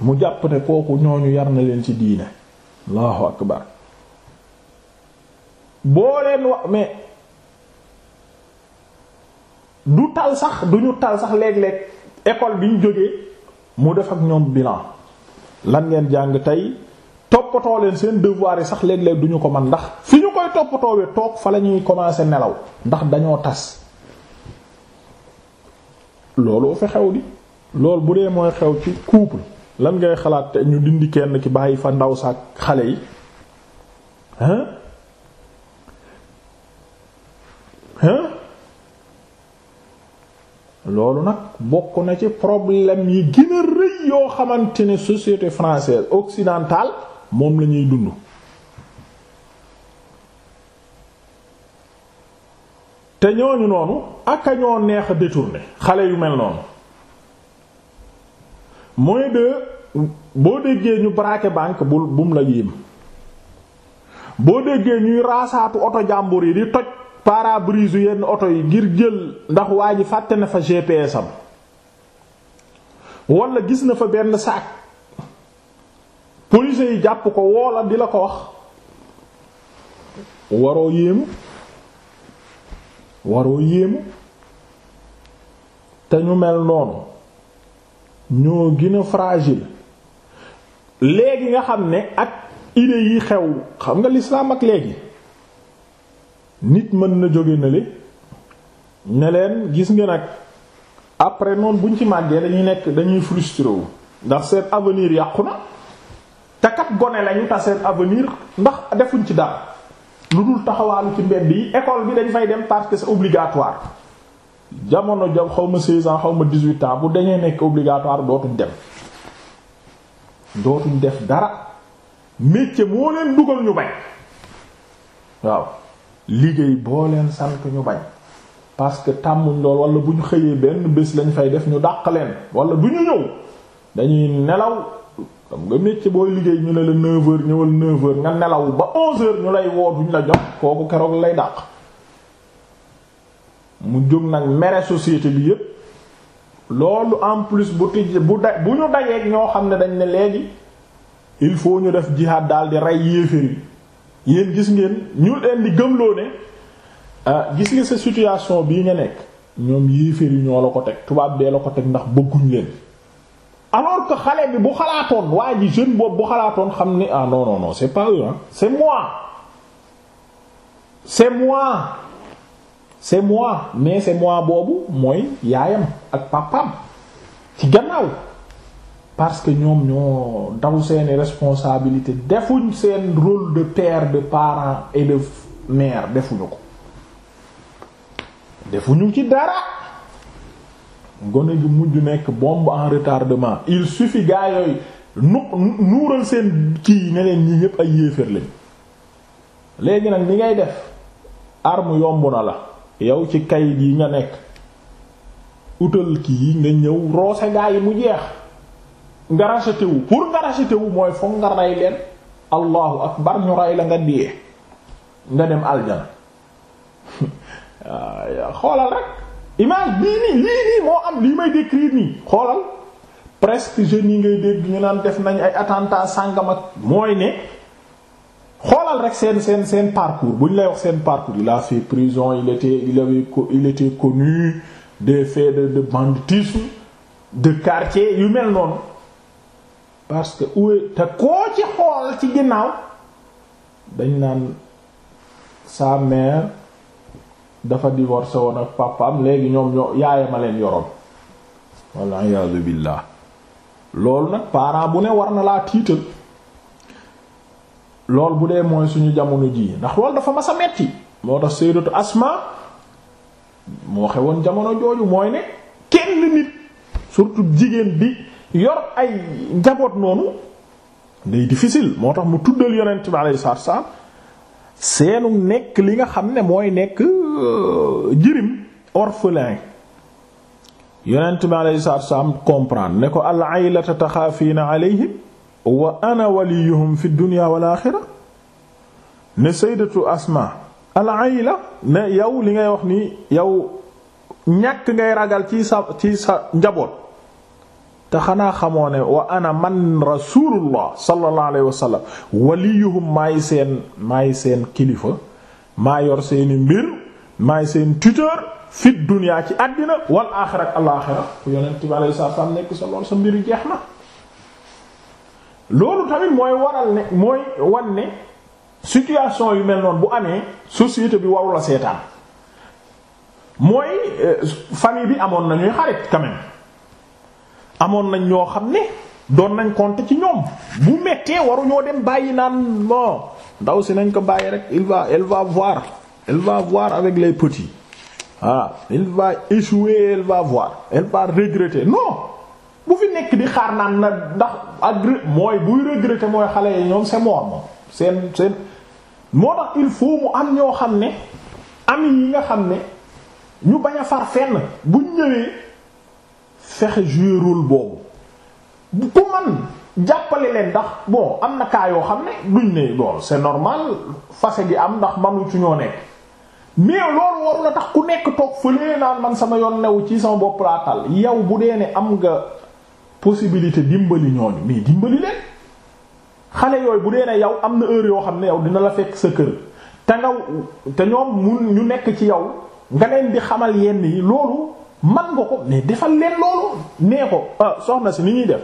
mu jàpp ne kooku ñooñu yar na leen ci diine Allahu akbar boo leen wax mais du tal sax duñu ñu tal sax léeg-léeg école bi ñu jógee mu def ak ñoom bilan lan ngeen jàng tey toppatoo leen seen devoir yi sax léeg-léeg du ko man ndax fi ñu koy bi toog fa la ñuy commencer nelaw ndax dañoo tas loolu fi xew di loolu bu dee mooy xew ci couple lan ngay xalaat te ñu dindi kenn ki bàyyi fa ndaw sa xale yi loolu nag bokk na ci problème yi gën a rëy yoo xamante ne société française occidentale moom la ñuy dund te ñooñu noonu aka ñoo neex a détourné xale yu mel noonu mooy de boo déggee ñu braqué banque bu bum la yéem boo déggee ñuy raasaatu oto jàmbur yi di toj pare yenn oto yi ngir jël ndax waa ji fàtte na fa GPS am wala gis na fa benn saak police yi jàpp ko woola di la ko wax waroo yéemu waroo yéemu te ñu mel noonu ñoo gën a léegi nga xam ne ak idée yi xew xam nga l'islam ak léegi nit mën na jóge na li ne leen gis ngi nag après noonu buñ ci màggee dañuy nekk dañuy frustré wu ndax seen avenir yàqu na te kat gone lañu ta seen avenir ndax defuñ ci dara lu dul taxawaalu ci mbedd yi école bi dañ fay dem parce que c'est obligatoire jamono jam xaw ma 16 ans xaw ma 18 ans bu dañee nekk obligatoire dootuñ dem dootuñ def dara métier moo leen dugal ñu bañ waaw liggéey boo leen sant ñu bañ parce que tàmmuñ lool wala bu ñu xëyee benn bés lañ fay def ñu dàq leen wala du ñu ñëw dañuy nelaw xam nga métier booy liggéey ñu ne la 9h ñëwal 9 nga nelaw ba 11h ñu lay woo duñ la jox kooku keroog lay dàq mu jóg nag mere société bi yëpp loolu en plus bu tijj bu da bu ñu dajeeg ñoo xam ne dañ ne léegi il faut ñu def jihad daal di rey yéeféer yi yéen gis ngeen ñu leen di gëmloo ne ah gis nga sa situation bii nga nekk ñoom yéeféer yi ñoo la ko teg tubaab bee la ko teg ndax bëgguñ leen alors que xale bi bu xalaatoon waa ji boobu bu xalaatoon xam ni ah non non non c'est pas eux hein c'est moi c'est moi c'est moi mais c'est moi boobu mooy yaayam ak papaam ci gannaaw parce que ñoom ñoo daw seeni responsabilité defuñ seen rôle de père de parent et de mère defuñu ko defuñu ci dara gone gi mujj nekk bombe en retardement il suffit gaa yooyu nu nuural seen kii ne leen ñi ñépp ay yéeféer lañ léegi nag ni ngay def arme yomb na la yow ci kayit yi nga nekk utal kii nga ñëw roose gaa yi mu jeex nga racheté wu pour nga racheté wu mooy foog nga rey leen allahu akbar ñu rey la nga dee nga dem aljana xoolal rek image bii nii lii nii moo am lii may décrire nii xoolal presque jeunes yi ngay dégg ñu naan def nañ ay attentat sàngam ak mooy ne xoolal rek seen seen seen parcours bu ñu lay wax seen parcours il a fait prison il était il était connu des faits de de banditisme de quartier yu mel noonu parce que uwe te koo ci xool ci ginnaaw dañ naan sa mère dafa divorcé woon ak papaam léegi ñoom ñoo yaayama leen yoroon walla iyaazu billaah loolu nag parent bu ne war na laa tiital lool bu dee mooy suñu jamono jii ndax loolu dafa mas a metti moo tax sayyidatu Asma moo xewoon jamono jooju mooy ne kenn nit surtout jigéen bi yor ay njaboot noonu day difficile moo tax mu tuddal yonent bi alayhi salaatu salaam seenu nekk li nga xam ne mooy nekk euh, jirim orphelin yonent bi alayhi salaatu salaam comprendre ne ko al aylata taxaafiina alayhim wa ana fi dunya wal aaxira ne sayyidatu asma al ayla ne yow li ngay wax ni yow ñàkk ngay ragal ci sa ci sa njaboot te xanaa xamoo ne wa ana man rasulullah sallallahu alayhi wa sallam waliyuhum maay seen maay seen kilifa maa yor seeni mbir maay seen tuteur fit dunya ci àddina wal axira ak alaaxira yonent bi alayhi salaam nekk sa lool sa mbiru jeex na loolu tamit mooy waral ne mooy wan ne situation yu mel noonu bu amee société bi warula seetaan mooy euh, famille bi amoon nañuy xarit quand amoon nañ ñoo xam ne doon nañ compter ci ñoom bu méttee waruñoo dem bàyyi naan bon ndaw si nañ ko bàyyi rek il va elle va voir elle va voir avec les petits ah il va échouer elle va voir elle va regretter non bu fi nekk di xaar naan na ndax agré mooy buy regretter mooy xale yi ñoom c'est moom seen seen moo tax il faut mu am ñoo xam ne am yi nga xam ne ñu bañ a far fenn buñ ñëwee. fexe jouer rôle boobu ku man jàppale leen ndax bon am na cas yoo xam ne duñ ne bon c'est normal fase gi am ndax manu ci ñoo nekk mais loolu waru la tax ku nekk toog fële naan man sama yoon newu ci sama bopp laa tal yow bu dee ne am nga possibilité dimbali ñooñu mais dimbali leen xale yooyu bu dee ne yow am na heure yoo xam ne yow dina la fekk sa kër te nga te ñoom mun ñu nekk ci yow nga leen di xamal yenn yi loolu man nga ko mais defal leen loolu nee ko ah, soxna si ni ñuy def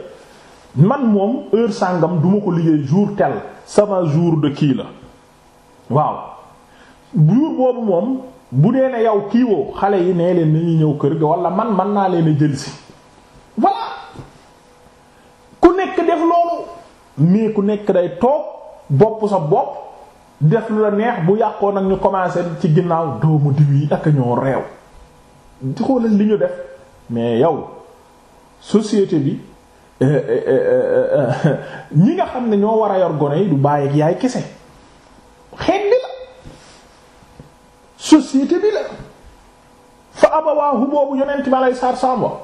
man moom heure sàngam duma ko liggéey jour tel sama jour de kii la waaw jour boobu moom bu dee ne yow kiiwoo xale yi nee leen nañuy ñëw kër gi wala man man naa leen a jël si voilà ku nekk def loolu mais ku nekk day toog bopp sa bopp def lu la neex bu yàqoo nag ñu commencé ci ginnaaw doomu diw yi ak ñoo réew xoolal li ñu def mais yow société bi euh, euh, euh, ñi nga xam ne ñoo war a yor yi du bàyyi ak yaay kese xeet bi la société bi la fa abawaahu boobu yonent bi alay saar saam wa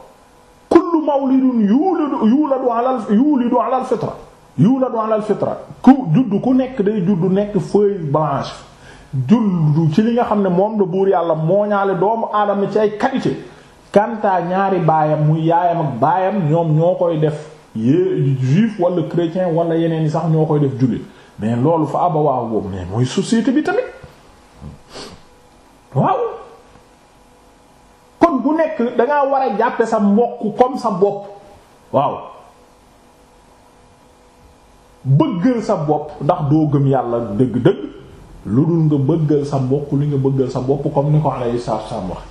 kullu mawlidun yuladu yuladu ala yulidu ala al fitra yuladu ala al fitra ku judd ku nekk day judd nekk feuille blanche jullu ci li nga xam ne moom la buur yàlla moo ñaale doomu aadama ci ay qualité kantaa ñaari baayam muy yaayam ak baayam ñoom ñoo koy def yé juif wala chrétien wala yeneen yi sax ñoo koy def jullit mais loolu fa waaw boobu mais mooy société bi tamit waaw kon bu nekk dangaa war a jàppe sa mbokk comme sa bopp waaw bëggal sa bopp ndax doo gëm yàlla dëgg-dëgg lu dul nga bëggal sa mbokk li nga bëggal sa bopp comme ni ko alayhi salaatu salaam wax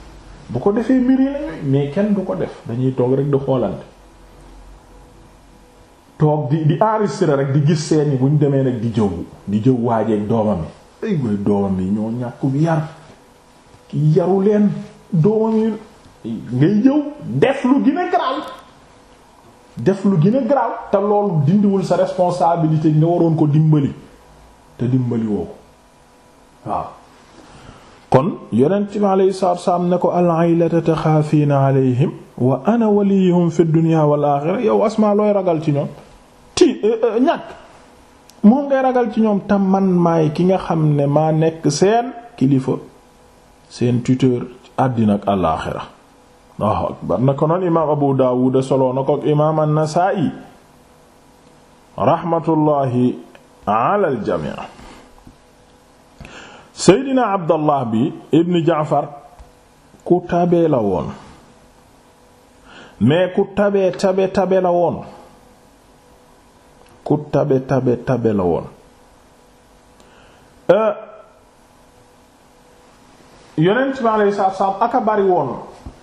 bu ko defee mbir yi mais kenn du ko def dañuy toog rek di xoolante toog di di enregistré rek di gis seen yi bu ñu demee nag di jëw di jëw waajeeg doomam yi ay way yi ñoo ñàkku yar ki yaru leen doomam ngay jëw def lu gën a garaaw def lu gën a te loolu dindiwul sa responsabilité nga waroon ko dimbali te dimbali woo waaw kon yonent mi alayhi salaatu ne ko al-aylata taxaafiina alayhim wa ana waliyuhum fi dunya wal aaxira yow asmaa looy ragal ci ñoom ti eh, eh, ñàkk moom ngay ragal ci ñoom tam man maay ki nga xam ne maa nekk seen kilifa seen tuteur àddina ak alaaxira Allahu akbar na ko noon imaam Abu Daawud soloo na ko ak imaam an-Nasaa'i raxmatullaahi alal jamii seydina abdallah bi ibn jaafar ku tabee la woon mais ku tabee tabe tabe la woon ku tabe tabe tabe la woon euh, yonent bi alayhi salaatu salaam aka bari woon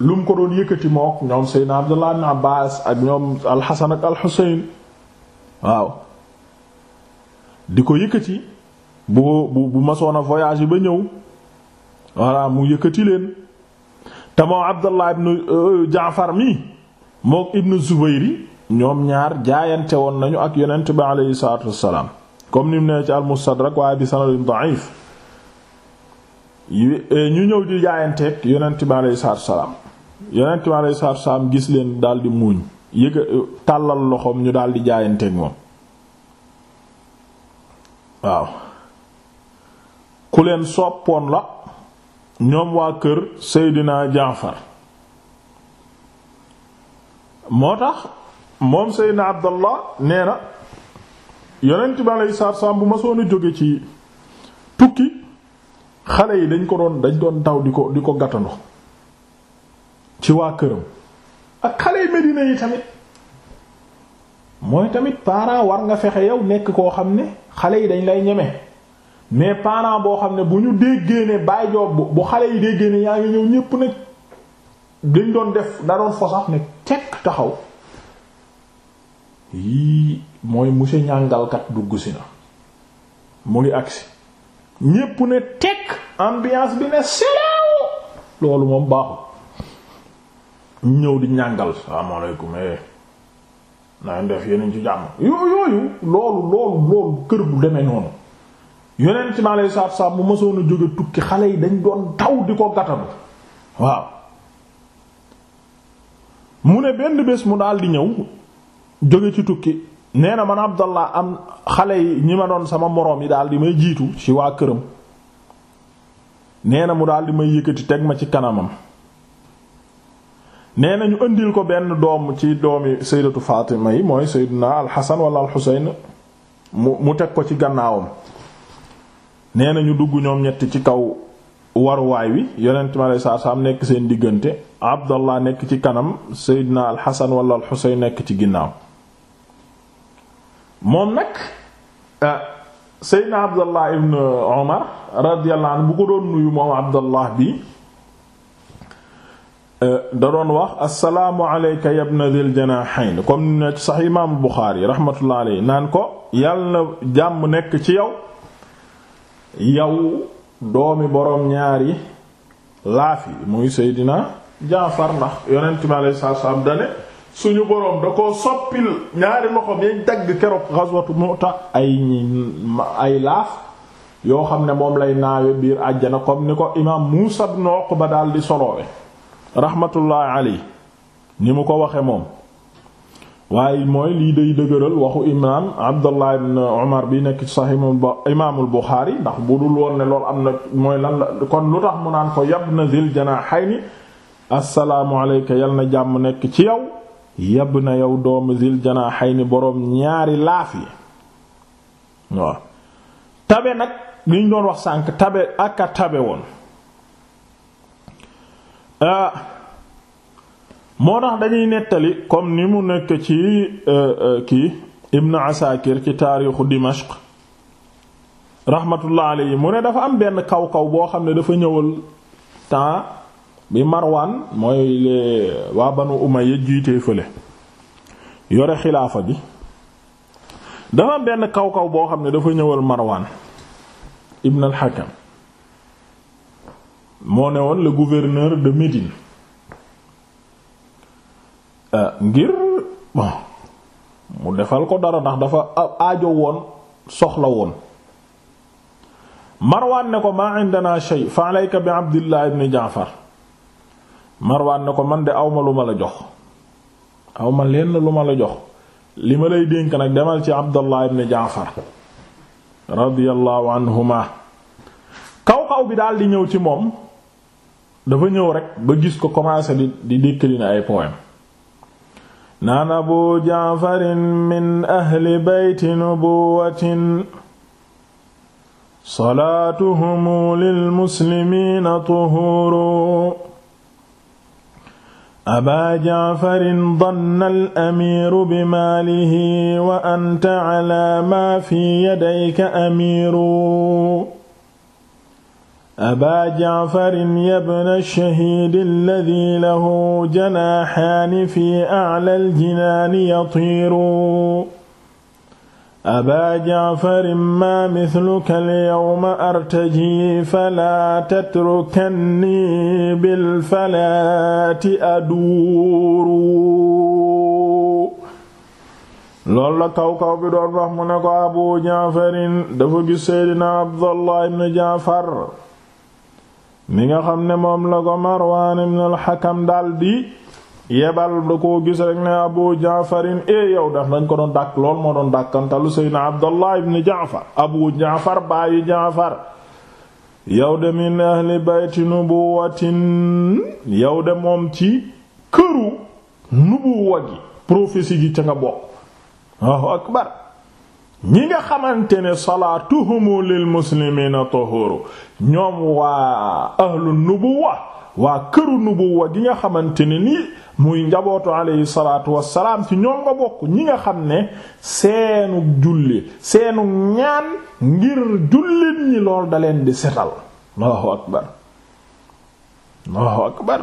lu mu ko doon yëkkati mook ñoom seydina abdallah ibn abbas ak ñoom alxasan ak alxuseyn waaw di ko yëkkati bu bu bu masoon a voyage ba ñëw voilà mu yëkkati leen te moom Abdallah ibn euh, Jaafar mi mook ibn Zubayri ñoom ñaar jaayante woon nañu ak yonent bi aleyhi salaatu wassalaam comme ni mu nee ci al-Mustadrak waaye bi sanadin da'if euh, ñu ñëw di jaayanteeg yonent bi aleyhi salaatu wassalaam yonent gis leen daldi muuñ yëga euh, tàllal loxoom ñu daldi jaayanteeg moom waaw ku leen soppoon la ñoom waa kër Seydina Jaafar moo tax moom Seydina Abdallah nee na yonent bi aleyhi salaatu bu ma soon a jóge ci tukki xale yi dañ ko doon dañ doon daw di ko di ko gàttandoo ci waa këram ak xale yi Medina yi tamit mooy tamit parent war nga fexe yow nekk koo xam ne xale yi dañ lay ñeme mais parent boo xam ne bu ñu déggee ne bàyyi joob bu xale yi déggee ne yaa ngi ñëw ñépp nag dañ doon def da doon fosax ne tekk taxaw yii mooy monsieur ñàngalkat dugg si na mu ngi agsi ñépp ne tekk ambiance bi ne selaw loolu moom baaxul ñëw di ñàngal salaamaaleykum eh naa def yeneen ci jàmm yooyu loolu loolu loolu kër bu demee noonu yonent mi alayhi salaatu salaam bu mësoon a jóge tukki xale yi dañ doon taw di ko gàttalu waaw mu ne benn bés mu daldi ñëw jóge ci tukki nee na man Abdallah am xale yi ñi ma doon sama moroom yi daal di may jiitu ci waa këram neena mu daldi di may yëkkati teg ma ci kanamam nee na ñu indil ko benn doom ci doomi sayyidatu Fatima yi mooy sayyiduna al-Hasan wala mu mu teg ko ci gannaawam nee nañu dugg ñoom ñett ci kaw waruwaay wi yonent mi alayhi salaam nekk seen diggante abdallah nekk ci kanam seydina alxasan wala alxuseyn nekk ci ginnaaw moom nag ah, seydina abdallah ibn omar radiyallahu anhu bu ko doon nuyu moom abdallah bi eh, da doon wax assalaamu alayka ya ibn dhil janahayn comme ne ci sax imaamu buxaari raxmatullahi alayhi naan ko yal na jàmm nekk ci yow yow doomi boroom ñaari laaf yi muy Seydina Jaafar ndax yonent mi alayhi salaatu salaam dane suñu boroom da koo soppil ñaari loxoom yañ dagg keroog ghazwatu Mu'ta ay ay laaf yoo xam ne moom lay naawe biir àjjana comme ni ko imaam Muusa ibn Uqba daal di soloowe rahmatullahi alayhi ni mu ko waxe moom waaye mooy lii day dëgëral waxu imam Abdullah ibn Umar bi nekk ci Sahih imaamul Buxaari ndax bu dul woon ne loolu am na mooy lan la kon lu tax mu naan ko yabna zil janaaxayni assalaamu alayka yal na jàmm nekk ci yow yab na yow doomu zil janaaxayni boroom ñaari laaf yi waaw tabe nag liñ doon wax sànk tabe aka tabe woon ah. moo tax dañuy nettali comme ni mu nekk ci euh, euh, kii Ibn Asakir ci taarixu Dimashq rahmatullah alayhi mu ne dafa am benn kaw kaw boo xam ne dafa ñëwal temps bi Marwan mooy les waa Banu Umayya jiitee fële yore xilaafa bi dafa am benn kaw kaw boo xam ne dafa ñëwal Marwan Ibn al-Hakam moo ne woon le gouverneur de Médine Euh, ngir mu defal ko dara ndax dafa aajo woon soxla woon marwaan ne ko maa indana shay fa alayka bi ko man de awma lu ma la jox awma lenn lu ma la jox li ma lay dénk nag demal ci abdallah ibn jaafar radiyallahu anhuma kaw kaw bi daal di ñëw ci moom dafa ñëw rek ba gis ko commencé di di dékkali na ay poème naan abu jaafarin min ahli beyti nubuwatin salaatuhumu lilmuslimiina tuhuuru abaa jaafarin danna alamiiru bimaalihi wa anta calaa maa fi yadayka amiiru aba jaafarin yabna shahiid alladi lahu janaaxaani fi acla aljinaani yatiiru aba jaafarin maa mithluka alyawma artaji falaa tatrukanni bilfalaati aduuru loolu la kaw-kaw bi doon wax mu ne ko abu jaafarin dafa gis seydina abdallah ibn jaafar mi nga xam ne moom la ko Marwaan ibn al-Hakam daldi yebal da koo gis rek ne Abu Jaafarin e eh, yow daf dañ ko doon dàkk lool moo doon dàkkantalu Seydina Abdallah ibn Jaafar Abu Jaafar baayu Jaafar yow de min ahli bayti nubuwatin yow de moom ci këru nubuwa gi prophétie gi ca nga bokk waaw akbar ñi nga xamante ne salaatuhumu lil muslimiina tahuru ñoom waa ahlu nubuwa waa këru nubuwa gi nga xamante ne nii muy njabootu alayhi salaatu wassalaam ci ñoom nga bokk ñi nga xam ne seenu julli seenu ñaan ngir jullit ñi lool da leen di setal allahu akbar allahu akbar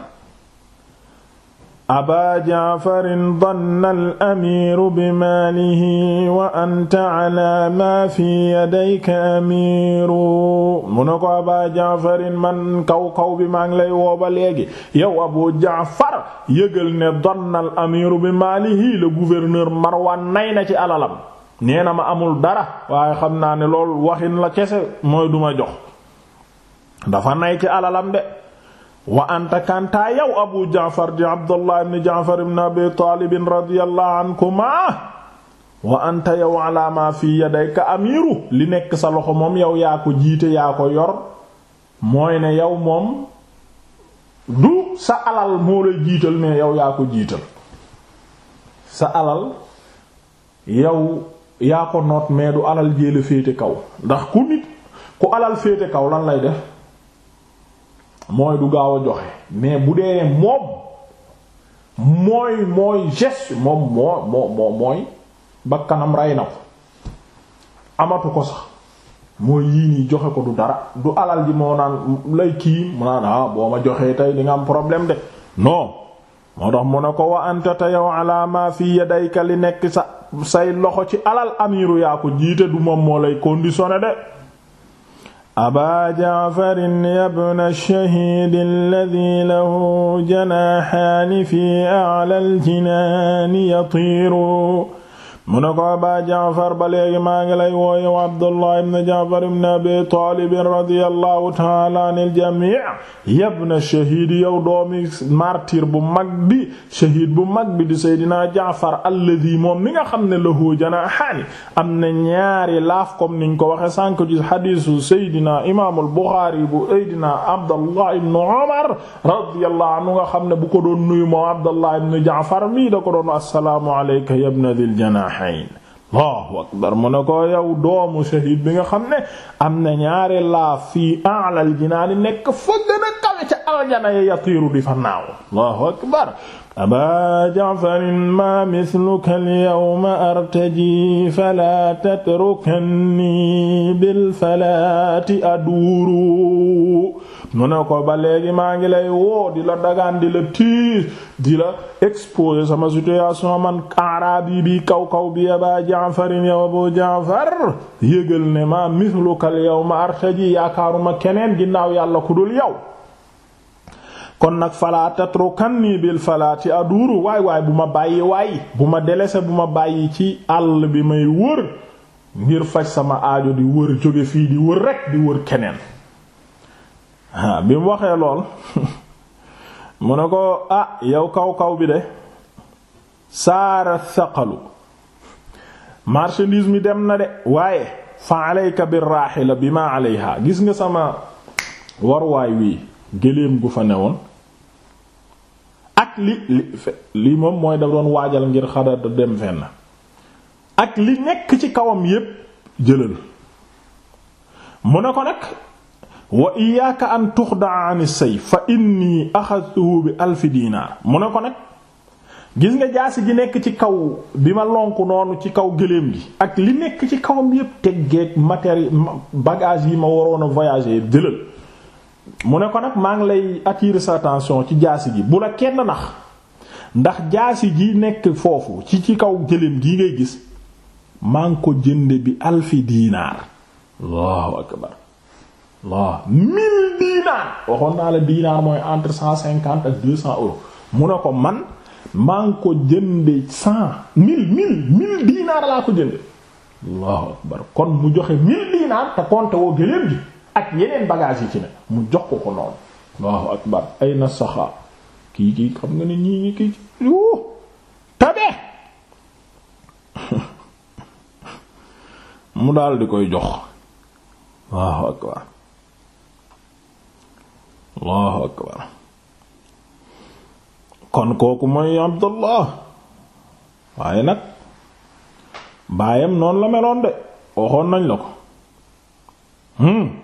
Abaa Ja'farin danna al-amiiru bimaalihi wa anta alaa maa fii yadayka amiiru mu ne ko Abaa man kaw kaw bi maa ngi lay woo ba léegi yow Abu Ja'far yëgal ne danna al-amiiru bimaalihi le gouverneur Marwan nay na ci alalam nee na ma amul dara waaye xam naa ne loolu waxin la kese mooy duma jox dafa nay ci alalam de. wa anta kanta yow abu jaafar di abdullah ibn jaafar ibn abi taalib radiyallahu anhuma wa anta yow ala ma fi yadayka amiru li nekk sa loxo moom yow yaa ko jiite yaa ko yor mooy ne yow moom du sa alal moo lay jiital mais yow yaa ko jiital sa alal yow yaa ko noot mais du alal jéela féete kaw ndax ku nit ku alal féete kaw lan lay def mooy du gaaw a joxe mais bu dee moom mooy mooy geste moom moo moo moo mooy kanam rey na ko amatu ko sax mooy yii nii joxe ko du dara du alal ji moo naan lay kii mu naan ah boo ma joxee tey di nga am problème de non moo tax mu ne ko wa anta te yow ala ma fi yadayka li nekk sa say loxo ci alal amiru yaa ko jiite du moom moo lay conditionné de abaa jaafarin yabna shahiid alladii lahu janaaxaani fi a'lal jinaani yatiiru mu ne ko Abaa Jaafar ba léegi maa ngi lay wooye Abdullah ibn Jaafar ibn Abi Taalib radiyallahu ta'ala anil jamii yabna shahiid yow doomi martir bu mag bi shahiid bu mag bi di Seydina Jaafar alladhi moom mi nga xam ne lahu janaahaani am na ñaari laaf comme niñ ko waxe sànk ci hadiisu Seydina Imaamul Buxaari bu Seydina Abdullah ibn Umar radiyallahu anhu nga xam ne bu ko doon nuyu moom Abdullah ibn Jaafar mi da ko doon assalaamu alayka yabna dhil janaahaani ayni Allahu akbar mu ne ko yow doomu shahid bi nga xam ne am na ñaari laaf fi a'lal jinaani nekk fa gën a kawe ya yatiiru di fa naaw Allahu aba ja'farin ma mithluka al-yawma artaji fala tatrukanni bil falati aduru mu ne ko ba léegi maa ngi lay woodi la dagaan di la tiis di la exposer sama situation man aarabi bi kaw kaw bi aba ja'farin yow abu ja'far yëgal ne ma mithluka al-yawma artaji keneen ginnaaw yàlla ku dul yow kon nag falaa tatrukanni bil falaati aduuru waay waay bu ma bàyyi waay bu ma delese bu ma bàyyi ci àll bi may wër ngir faj sama aajo di wër jóge fii di wër rek di wër keneen bi mu waxee lool mu ne ko ah yow kaw kaw bi de saara saqalu marchandise mi dem na de waaye fa alayka bir raaxila bi ma alayha gis nga sama warwaay wii gëléem gu fa newoon ak li li lii moom mooy da doon waajal ngir xadar dem fenn ak li nekk ci kawam yépp jëlal mu ne ko nag wa iyyaka an tuxdaa ani say fa inni axadtuhu bi alfi diinaar mu ne ko nag gis nga jaasi gi nekk ci kaw bi ma lonk noonu ci kaw gëléem gi ak li nekk ci kawam yépp teggeeg matériel bagage yi ma waroon a voyager jëlal mu ne ko nag maa ngi lay attirer sa attention ci jaasi ji bu la kenn nax ndax jaasi ji nekk foofu ci ci kaw gëléem gi ngay gis maa ngi ko jënd bi alfi diinaar allahu akbar waaw mille diinaar waxoon naa la diinaar mooy entre cent cinquante ak deux cents euros mu ne ko man maa ngi ko jënde cent mille mille mille diinaar laa ko jënde allahu akbar kon mu joxe mille diinaar te compter woo gi ak yeneen bagaas yi ci ne mu jox ko ko noonu Allahu akbar ay na saxaa kii kii xam nga ne ñii ñi kii tabe mu daal di koy jox Allahu akbar Allahu akbar kon kooku mooy Abdallah waaye nag baayam noon la meloon de waxoon nañ la ko hmm.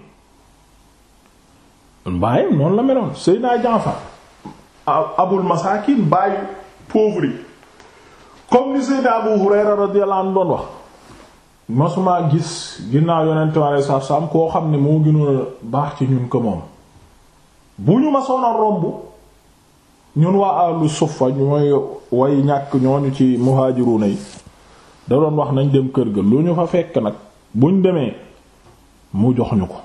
bàyyam noonu la meloon naa Jaafar abul masaakin bàyyi pauvre yi comme ni Seydina Abu Hurayra radiyallahu anhu doon wax masumaa gis ginnaaw yonentu Yàlla sallallahu alayhi wasallam koo xam ne moo gënoon a baax ci ñun ko moom bu ñu masoon a romb ñun waa ahlu suffa ñooy way ñàkk ñooñu ci muhajiruna yi da doon wax nañ dem kër ga lu ñu fa fekk nag buñ demee mu jox ñu ko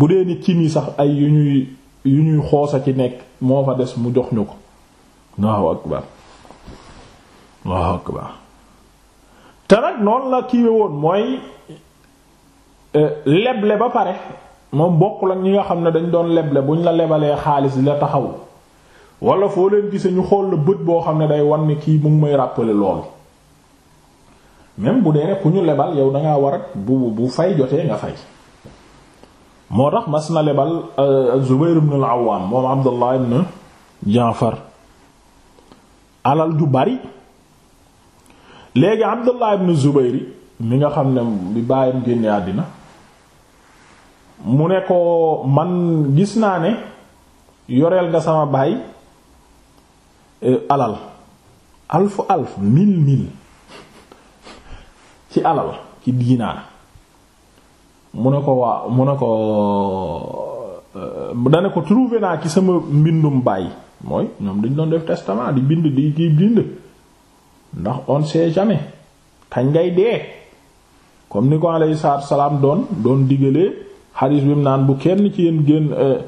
bu dee ni cin yi sax ay yu ñuy yu ñuy xoosa ci nekk moo fa des mu jox ñu ko Allahu akbar Allahu te nag noonu la kiiwe woon mooy euh, leble ba pare moom bokk la ñi nga xam ne dañ doon leble buñ la lebalee xaalis di la taxaw walla foo leen gise ñu xool la bët boo xam ne day wan ne kii mu ngi may rappeler loolu même bu dee ne ku ñu lebal yow dangaa war ak bu bu fay jotee nga fay moo tax mas na lebal euh, Zubayr ibn al moom Abdullah ibn Jaafar alal ju bari léegi Abdullah ibn Zubayr mi nga xam ne bi bàyyam génne àddina mu ne ko man gis naa ne yoreel nga sama baay euh, alal alfu alf mil mil ci alal ci diinaar mu ne ko waa mu ne ko euh, dane ko trouvé naa ci sama mbindum baay mooy ñoom dañ doon def testament di bind di kiy bind ndax on sait jamais kañ ngay dee comme ni ko alayhi salaatu salaam doon doon digalee xadiis bi mu naan bu kenn ci yéen génn euh,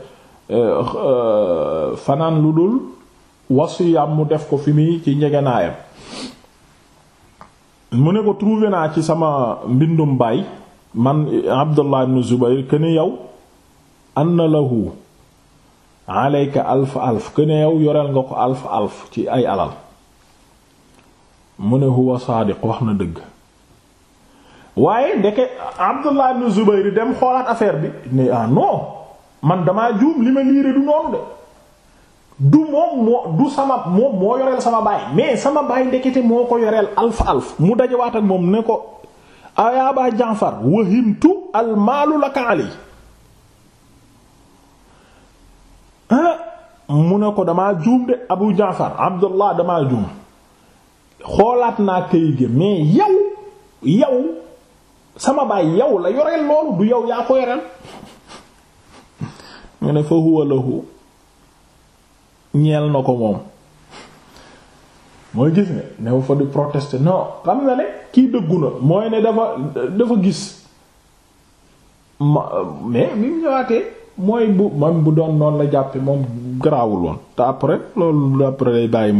euh, fanaan lu dul wasiyam mu def ko fi muy ci njegenaayam mu ne ko trouvé naa ci sama mbindum baay man Abdullah ibn Zubayr que yow anna lahu aleyka alf alf que yow yoreel nga ko alf alf ci ay alal mu ne huwa saadiq wax na dëgg waaye ndeke Abdullah ibn Zubayr dem xoolaat affaire bi ne ah, man dama juum li ma liire du noonu de du moom moo du sama moom moo yoreel sama baay mais sama baay ndekete moo ko yoreel alfa alf mu dajawaat ak moom ne ko aya ba Jaafar wahimtu al maalu laka ali mu ne ko damaa juum de Abu Jaafar Abdullah damaa juum xoolaat naa këy gi mais yow yow sama baay yow la yoreel loolu du yow yaa ko yoreel mu ne fa huwa lahu ñeel na ko moom mooy gis nga new fa di protester non xam na ne kii dëggu na mooy ne dafa dafa gis mais mu ñëwaatee bu man bu doon noonu la mu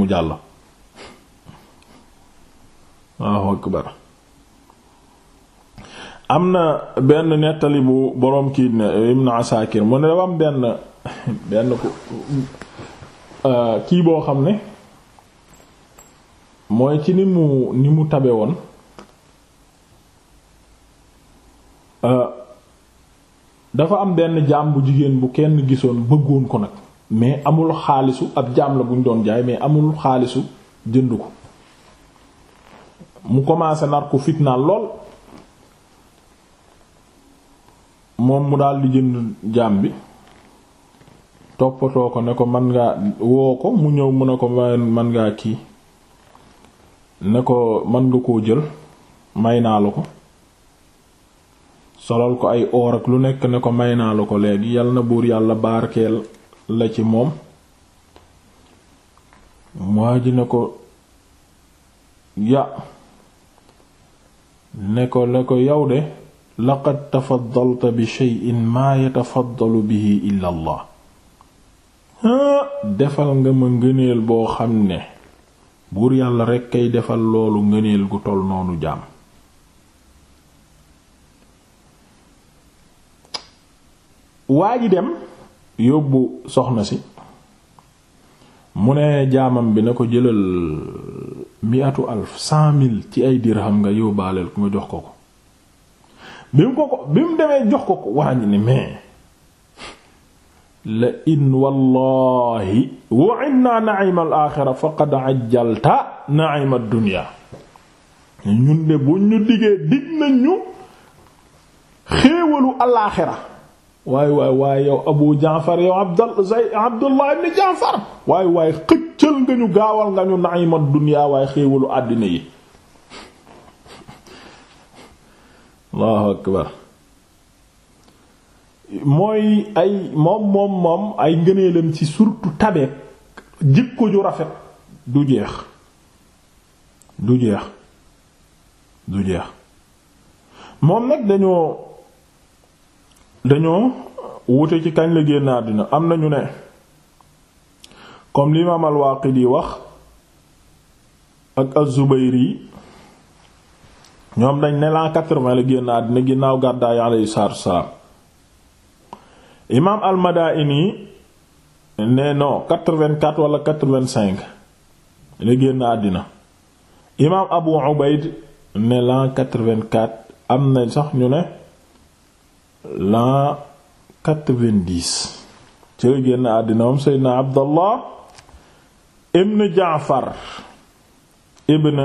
jàll waaw akbar na benn nettali bu boroom kii euh, kii boo xam ne mooy ci ni mu ni mu tabe woon euh, dafa am benn jaam bu jigéen bu kenn gisoon bëggoon ko nag mais amul xaalisu ab jaam la buñ doon jaay mais amul xaalisu jënd ko mu commencé nar ku fitnaal lool moom mu daldi jënd jaam bi toppatoo ko ne ko man ngaa woo ko mu ñëw mu ne ko man ngaa kii ne ko man nga koo jël may naa la ko solal ko ay oor lu nekk ne ko may naa la ko léegi yal na buur yàlla baarkeel la ci moom waa ji ne ko ya ne ko ne ko yow de laqad tafaddalta bi shay'in maa yatafaddalu bihi illa allah defal nga ma ngëneel boo xam ne buur yàlla rekk ay defal loolu ngëneel gu toll noonu jaam waa ji dem yóbbu soxna si mu ne jaamam bi na ko jëlal miatu alf cent mille ci ay dirham nga yóbbaaleel ku nga jox ko ko bi mu ko ko bi mu demee jox ko ko waa ji ne mais la in wallahi wa'idna na'im al-axira faqad ajjalta na'im ad-dunya ñun de bu ñu diggee dig ñu xéewalu alaaxira waay waay waay yow Abu Jaafar yow Abdullah ibn Jaafar waay waay xëccal nga ñu gaawal nga ñu na'im ad-dunya waaye xéewalu àddina yi Allahu akbar mooy ay moom moom moom ay ngëneelam ci surtout tabeek jikko ju rafet du jeex du jeex du jeex moom nag dañoo dañoo wute ci kañ la génn àddina am nañu ne comme l'imam al-Waaqidi wax ak az-Zubayri ñoom dañ ne l'an quatre-vingt la génn àddina ginnaaw gàddaay alayhi salaatu wa salaam imaam al-Madaini ne non quatre vingt wala quatre-vingt-cinq la génn àddina imaam Abu Ubayd ne l'an am na sax ñu ne l'an ci la génn àddina moom Seydina Abdallah ibn Jaafar ibn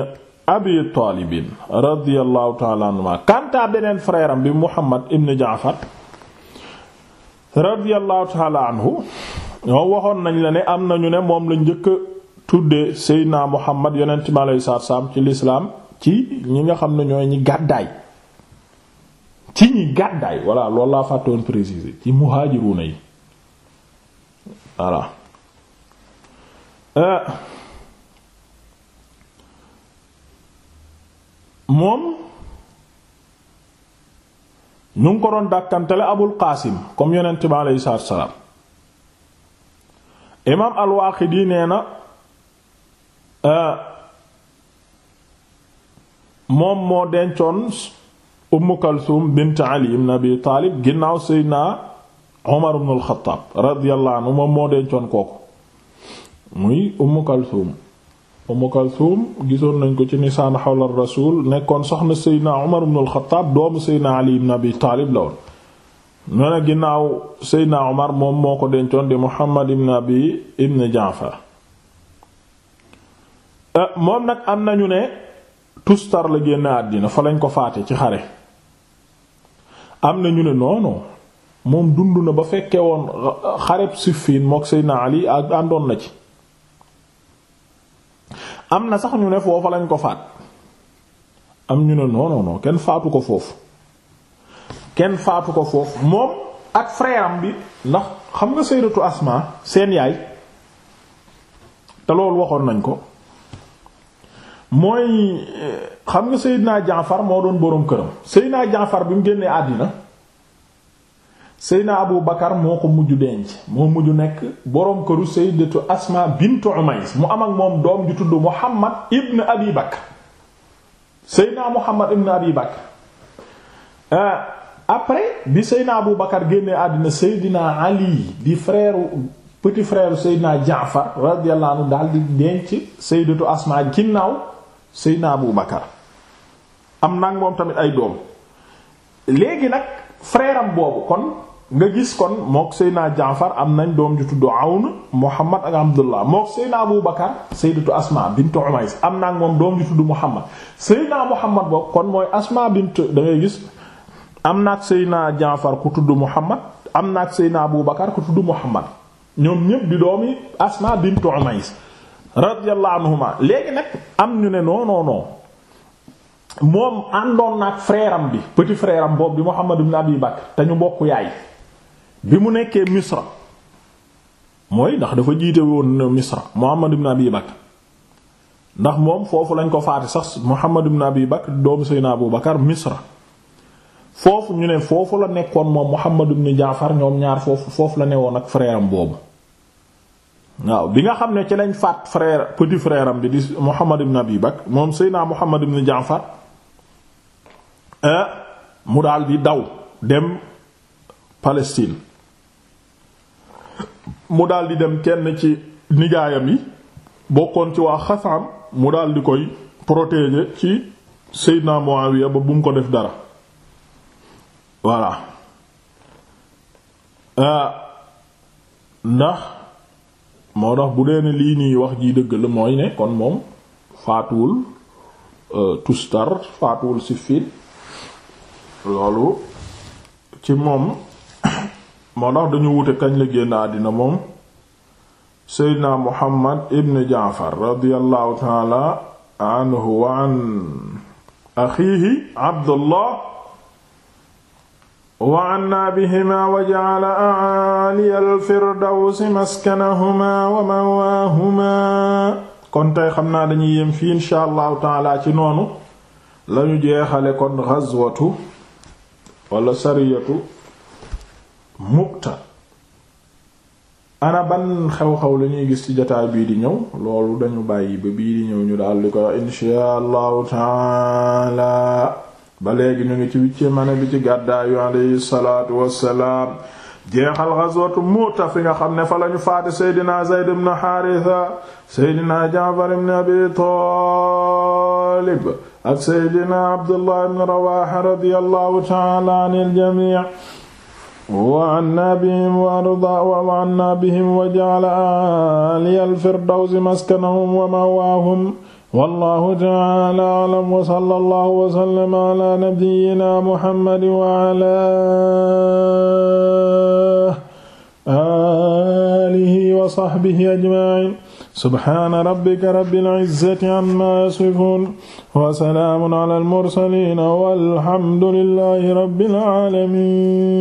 Abi Taalibin radiyallahu ta'ala anhuma beneen frère bi Muhammad ibn Jaafar radiyallahu taala anhu ñoom waxoon nañ la ne am na ñu ne moom la njëkk a tuddee Seydina Muhammad yonent mi alayhi salaatu saam ci lislaam ci ñi nga xam ne ñooy ñi gàddaay ci ñi gàddaay voilà loolu laa fàttoon préciser ci muhaajiruuna yi voilà euh, moom ñu ngi ko doon dàkkantale abul qaasim comme yeneen bi aleyhi salaatu salaam imaam al-Waaqidi nee na euh, moom moo dencoon Umm Kalthum bint Ali ibn Abi Taalib ginnaaw Seydina Umar ibn al-Xattaab radiyallahu anhu moom moo dencoon kooku muy Umm Kalthum Umm Kalthum gisoon nañ ko ci nisaan xawla rasul nekkoon soxna Seydina Umar ibn al-Khattab doomu Seydina Ali ibn Abi Taalib la woon ñoo ginnaaw Seydina Umar moom moo ko dencoon di Muhammad ibn Abi ibn Jaafar eh, moom nag am nañu ne Tustar la génn àddina fa lañ ko faate ci xare am nañu ne noonu moom dund na ba fekkee woon xareb Siffin mook Seydina Ali àndoon na ci am na sax ñu ne foofa lañ ko faat am ñu ne non kenn faatu ko foofu kenn faatu ko foofu moom ak frère bi ndax xam nga sayyidatu Asma seen yaay te loolu waxoon nañ ko mooy eh, xam nga sëyd naa Jaafar moo doon boroom këram naa Jaafar bi mu génnee àddina Seydina Abu Bakar moo ko mujj denc moo mujj nekk boroom këru Sayyidatu Asma bint Umays mu am moom doom ju tudd Muhammad ibn Abi Bakr Seydina Muhammad ibn Abi Bakr euh, après bi Seydina Abu Bakar génnee àddina Seydina Ali di frère petit frère Seydina Jaafar radiyallahu anhu daal denc Sayyidatu Asma ginnaaw Seydina Abu Bakar am nag moom tamit ay doom léegi nag frère boobu kon nga gis kon mook Seydina Jaafar am nañ doom ju tudd Awn Muhammad ak Abdullah mook Seydina Abu Bakar Sayyidatu Asma bint Umays am naa moom doom tudd Muhammad Seydina kon mooy Asma bint da gis am naag Seydina Jaafar ku tudd Muhammad am naag Abu Bakar ku tudd Muhammad ñoom ñépp di doomi Asma bint Umays radiyallahu anhuma léegi nag am ñu ne non non non moom àndoon naag frère am bi petit frère am boobu di Muhammad ibn Abi Bakr te ñu bokk yaay. bi mu nekkee misra mooy ndax dafa jiite woon misra muhammad ibn abi ndax moom foofu lañ ko faate sax muhammad ibn abi bakr doomu sayna abu bakar misra foofu ñu ne foofu la nekkoon moom muhammad ibn jaafar ñoom ñaar foofu foofu la newoon ak frère boobu waaw bi nga xam ne ci lañ faat frère petit frère bi di muhammad ibn abi bakr moom sayna muhammad ibn jaafar ah, mu daal di daw dem palestine mu daal di dem kenn ci nijaayam yi bokkoon ci waa xasam mu daal di koy protéger ci Seydina Muawiya ba bu mu ko def dara voilà ah ndax moo tax bu dee ne lii nii wax ji dëgg la mooy ne kon moom faatuwul euh, tustar faatuwul si loolu ci moom moo tax dañu wute kañ la génn àddina moom seydna muhammad ibn jaafar radiallahu taala anhu wa an axiihi abdullah wa anna bihima wa ja'ala a'ali al-firdawsi maskanahuma wa mawahuma kon tey xam naa dañuy yéem fii insha allahu taala ci noonu lañu jeexale kon ghazwatu wala sariyatu muqta ana ban xew-xew la gis ci jotaay bii di ñëw loolu dañu bàyyi ba ñëw ñu daal di ko insha allahu taala ba léegi ñu ngi ci huitième année bi ci gàddaayu alayhi salaatu wassalaam jeexal ghazwatu Mu'ta fi nga xam ne fa lañu faate seydina Zayd ibn Haritha seydina Ja'far ibn Abi Talib ak seydina Abdullah ibn Rawaha radiyallahu taala anil jami' وعنى بهم وأرضى وعنى بهم وجعل عالي الفردوس مسكنهم ومأواهم والله تعالى أعلم وصلى الله وسلم على نبينا محمد وعلى آله وصحبه أجمعين سبحان ربك رب العزة عما يصفون وسلام على المرسلين والحمد لله رب العالمين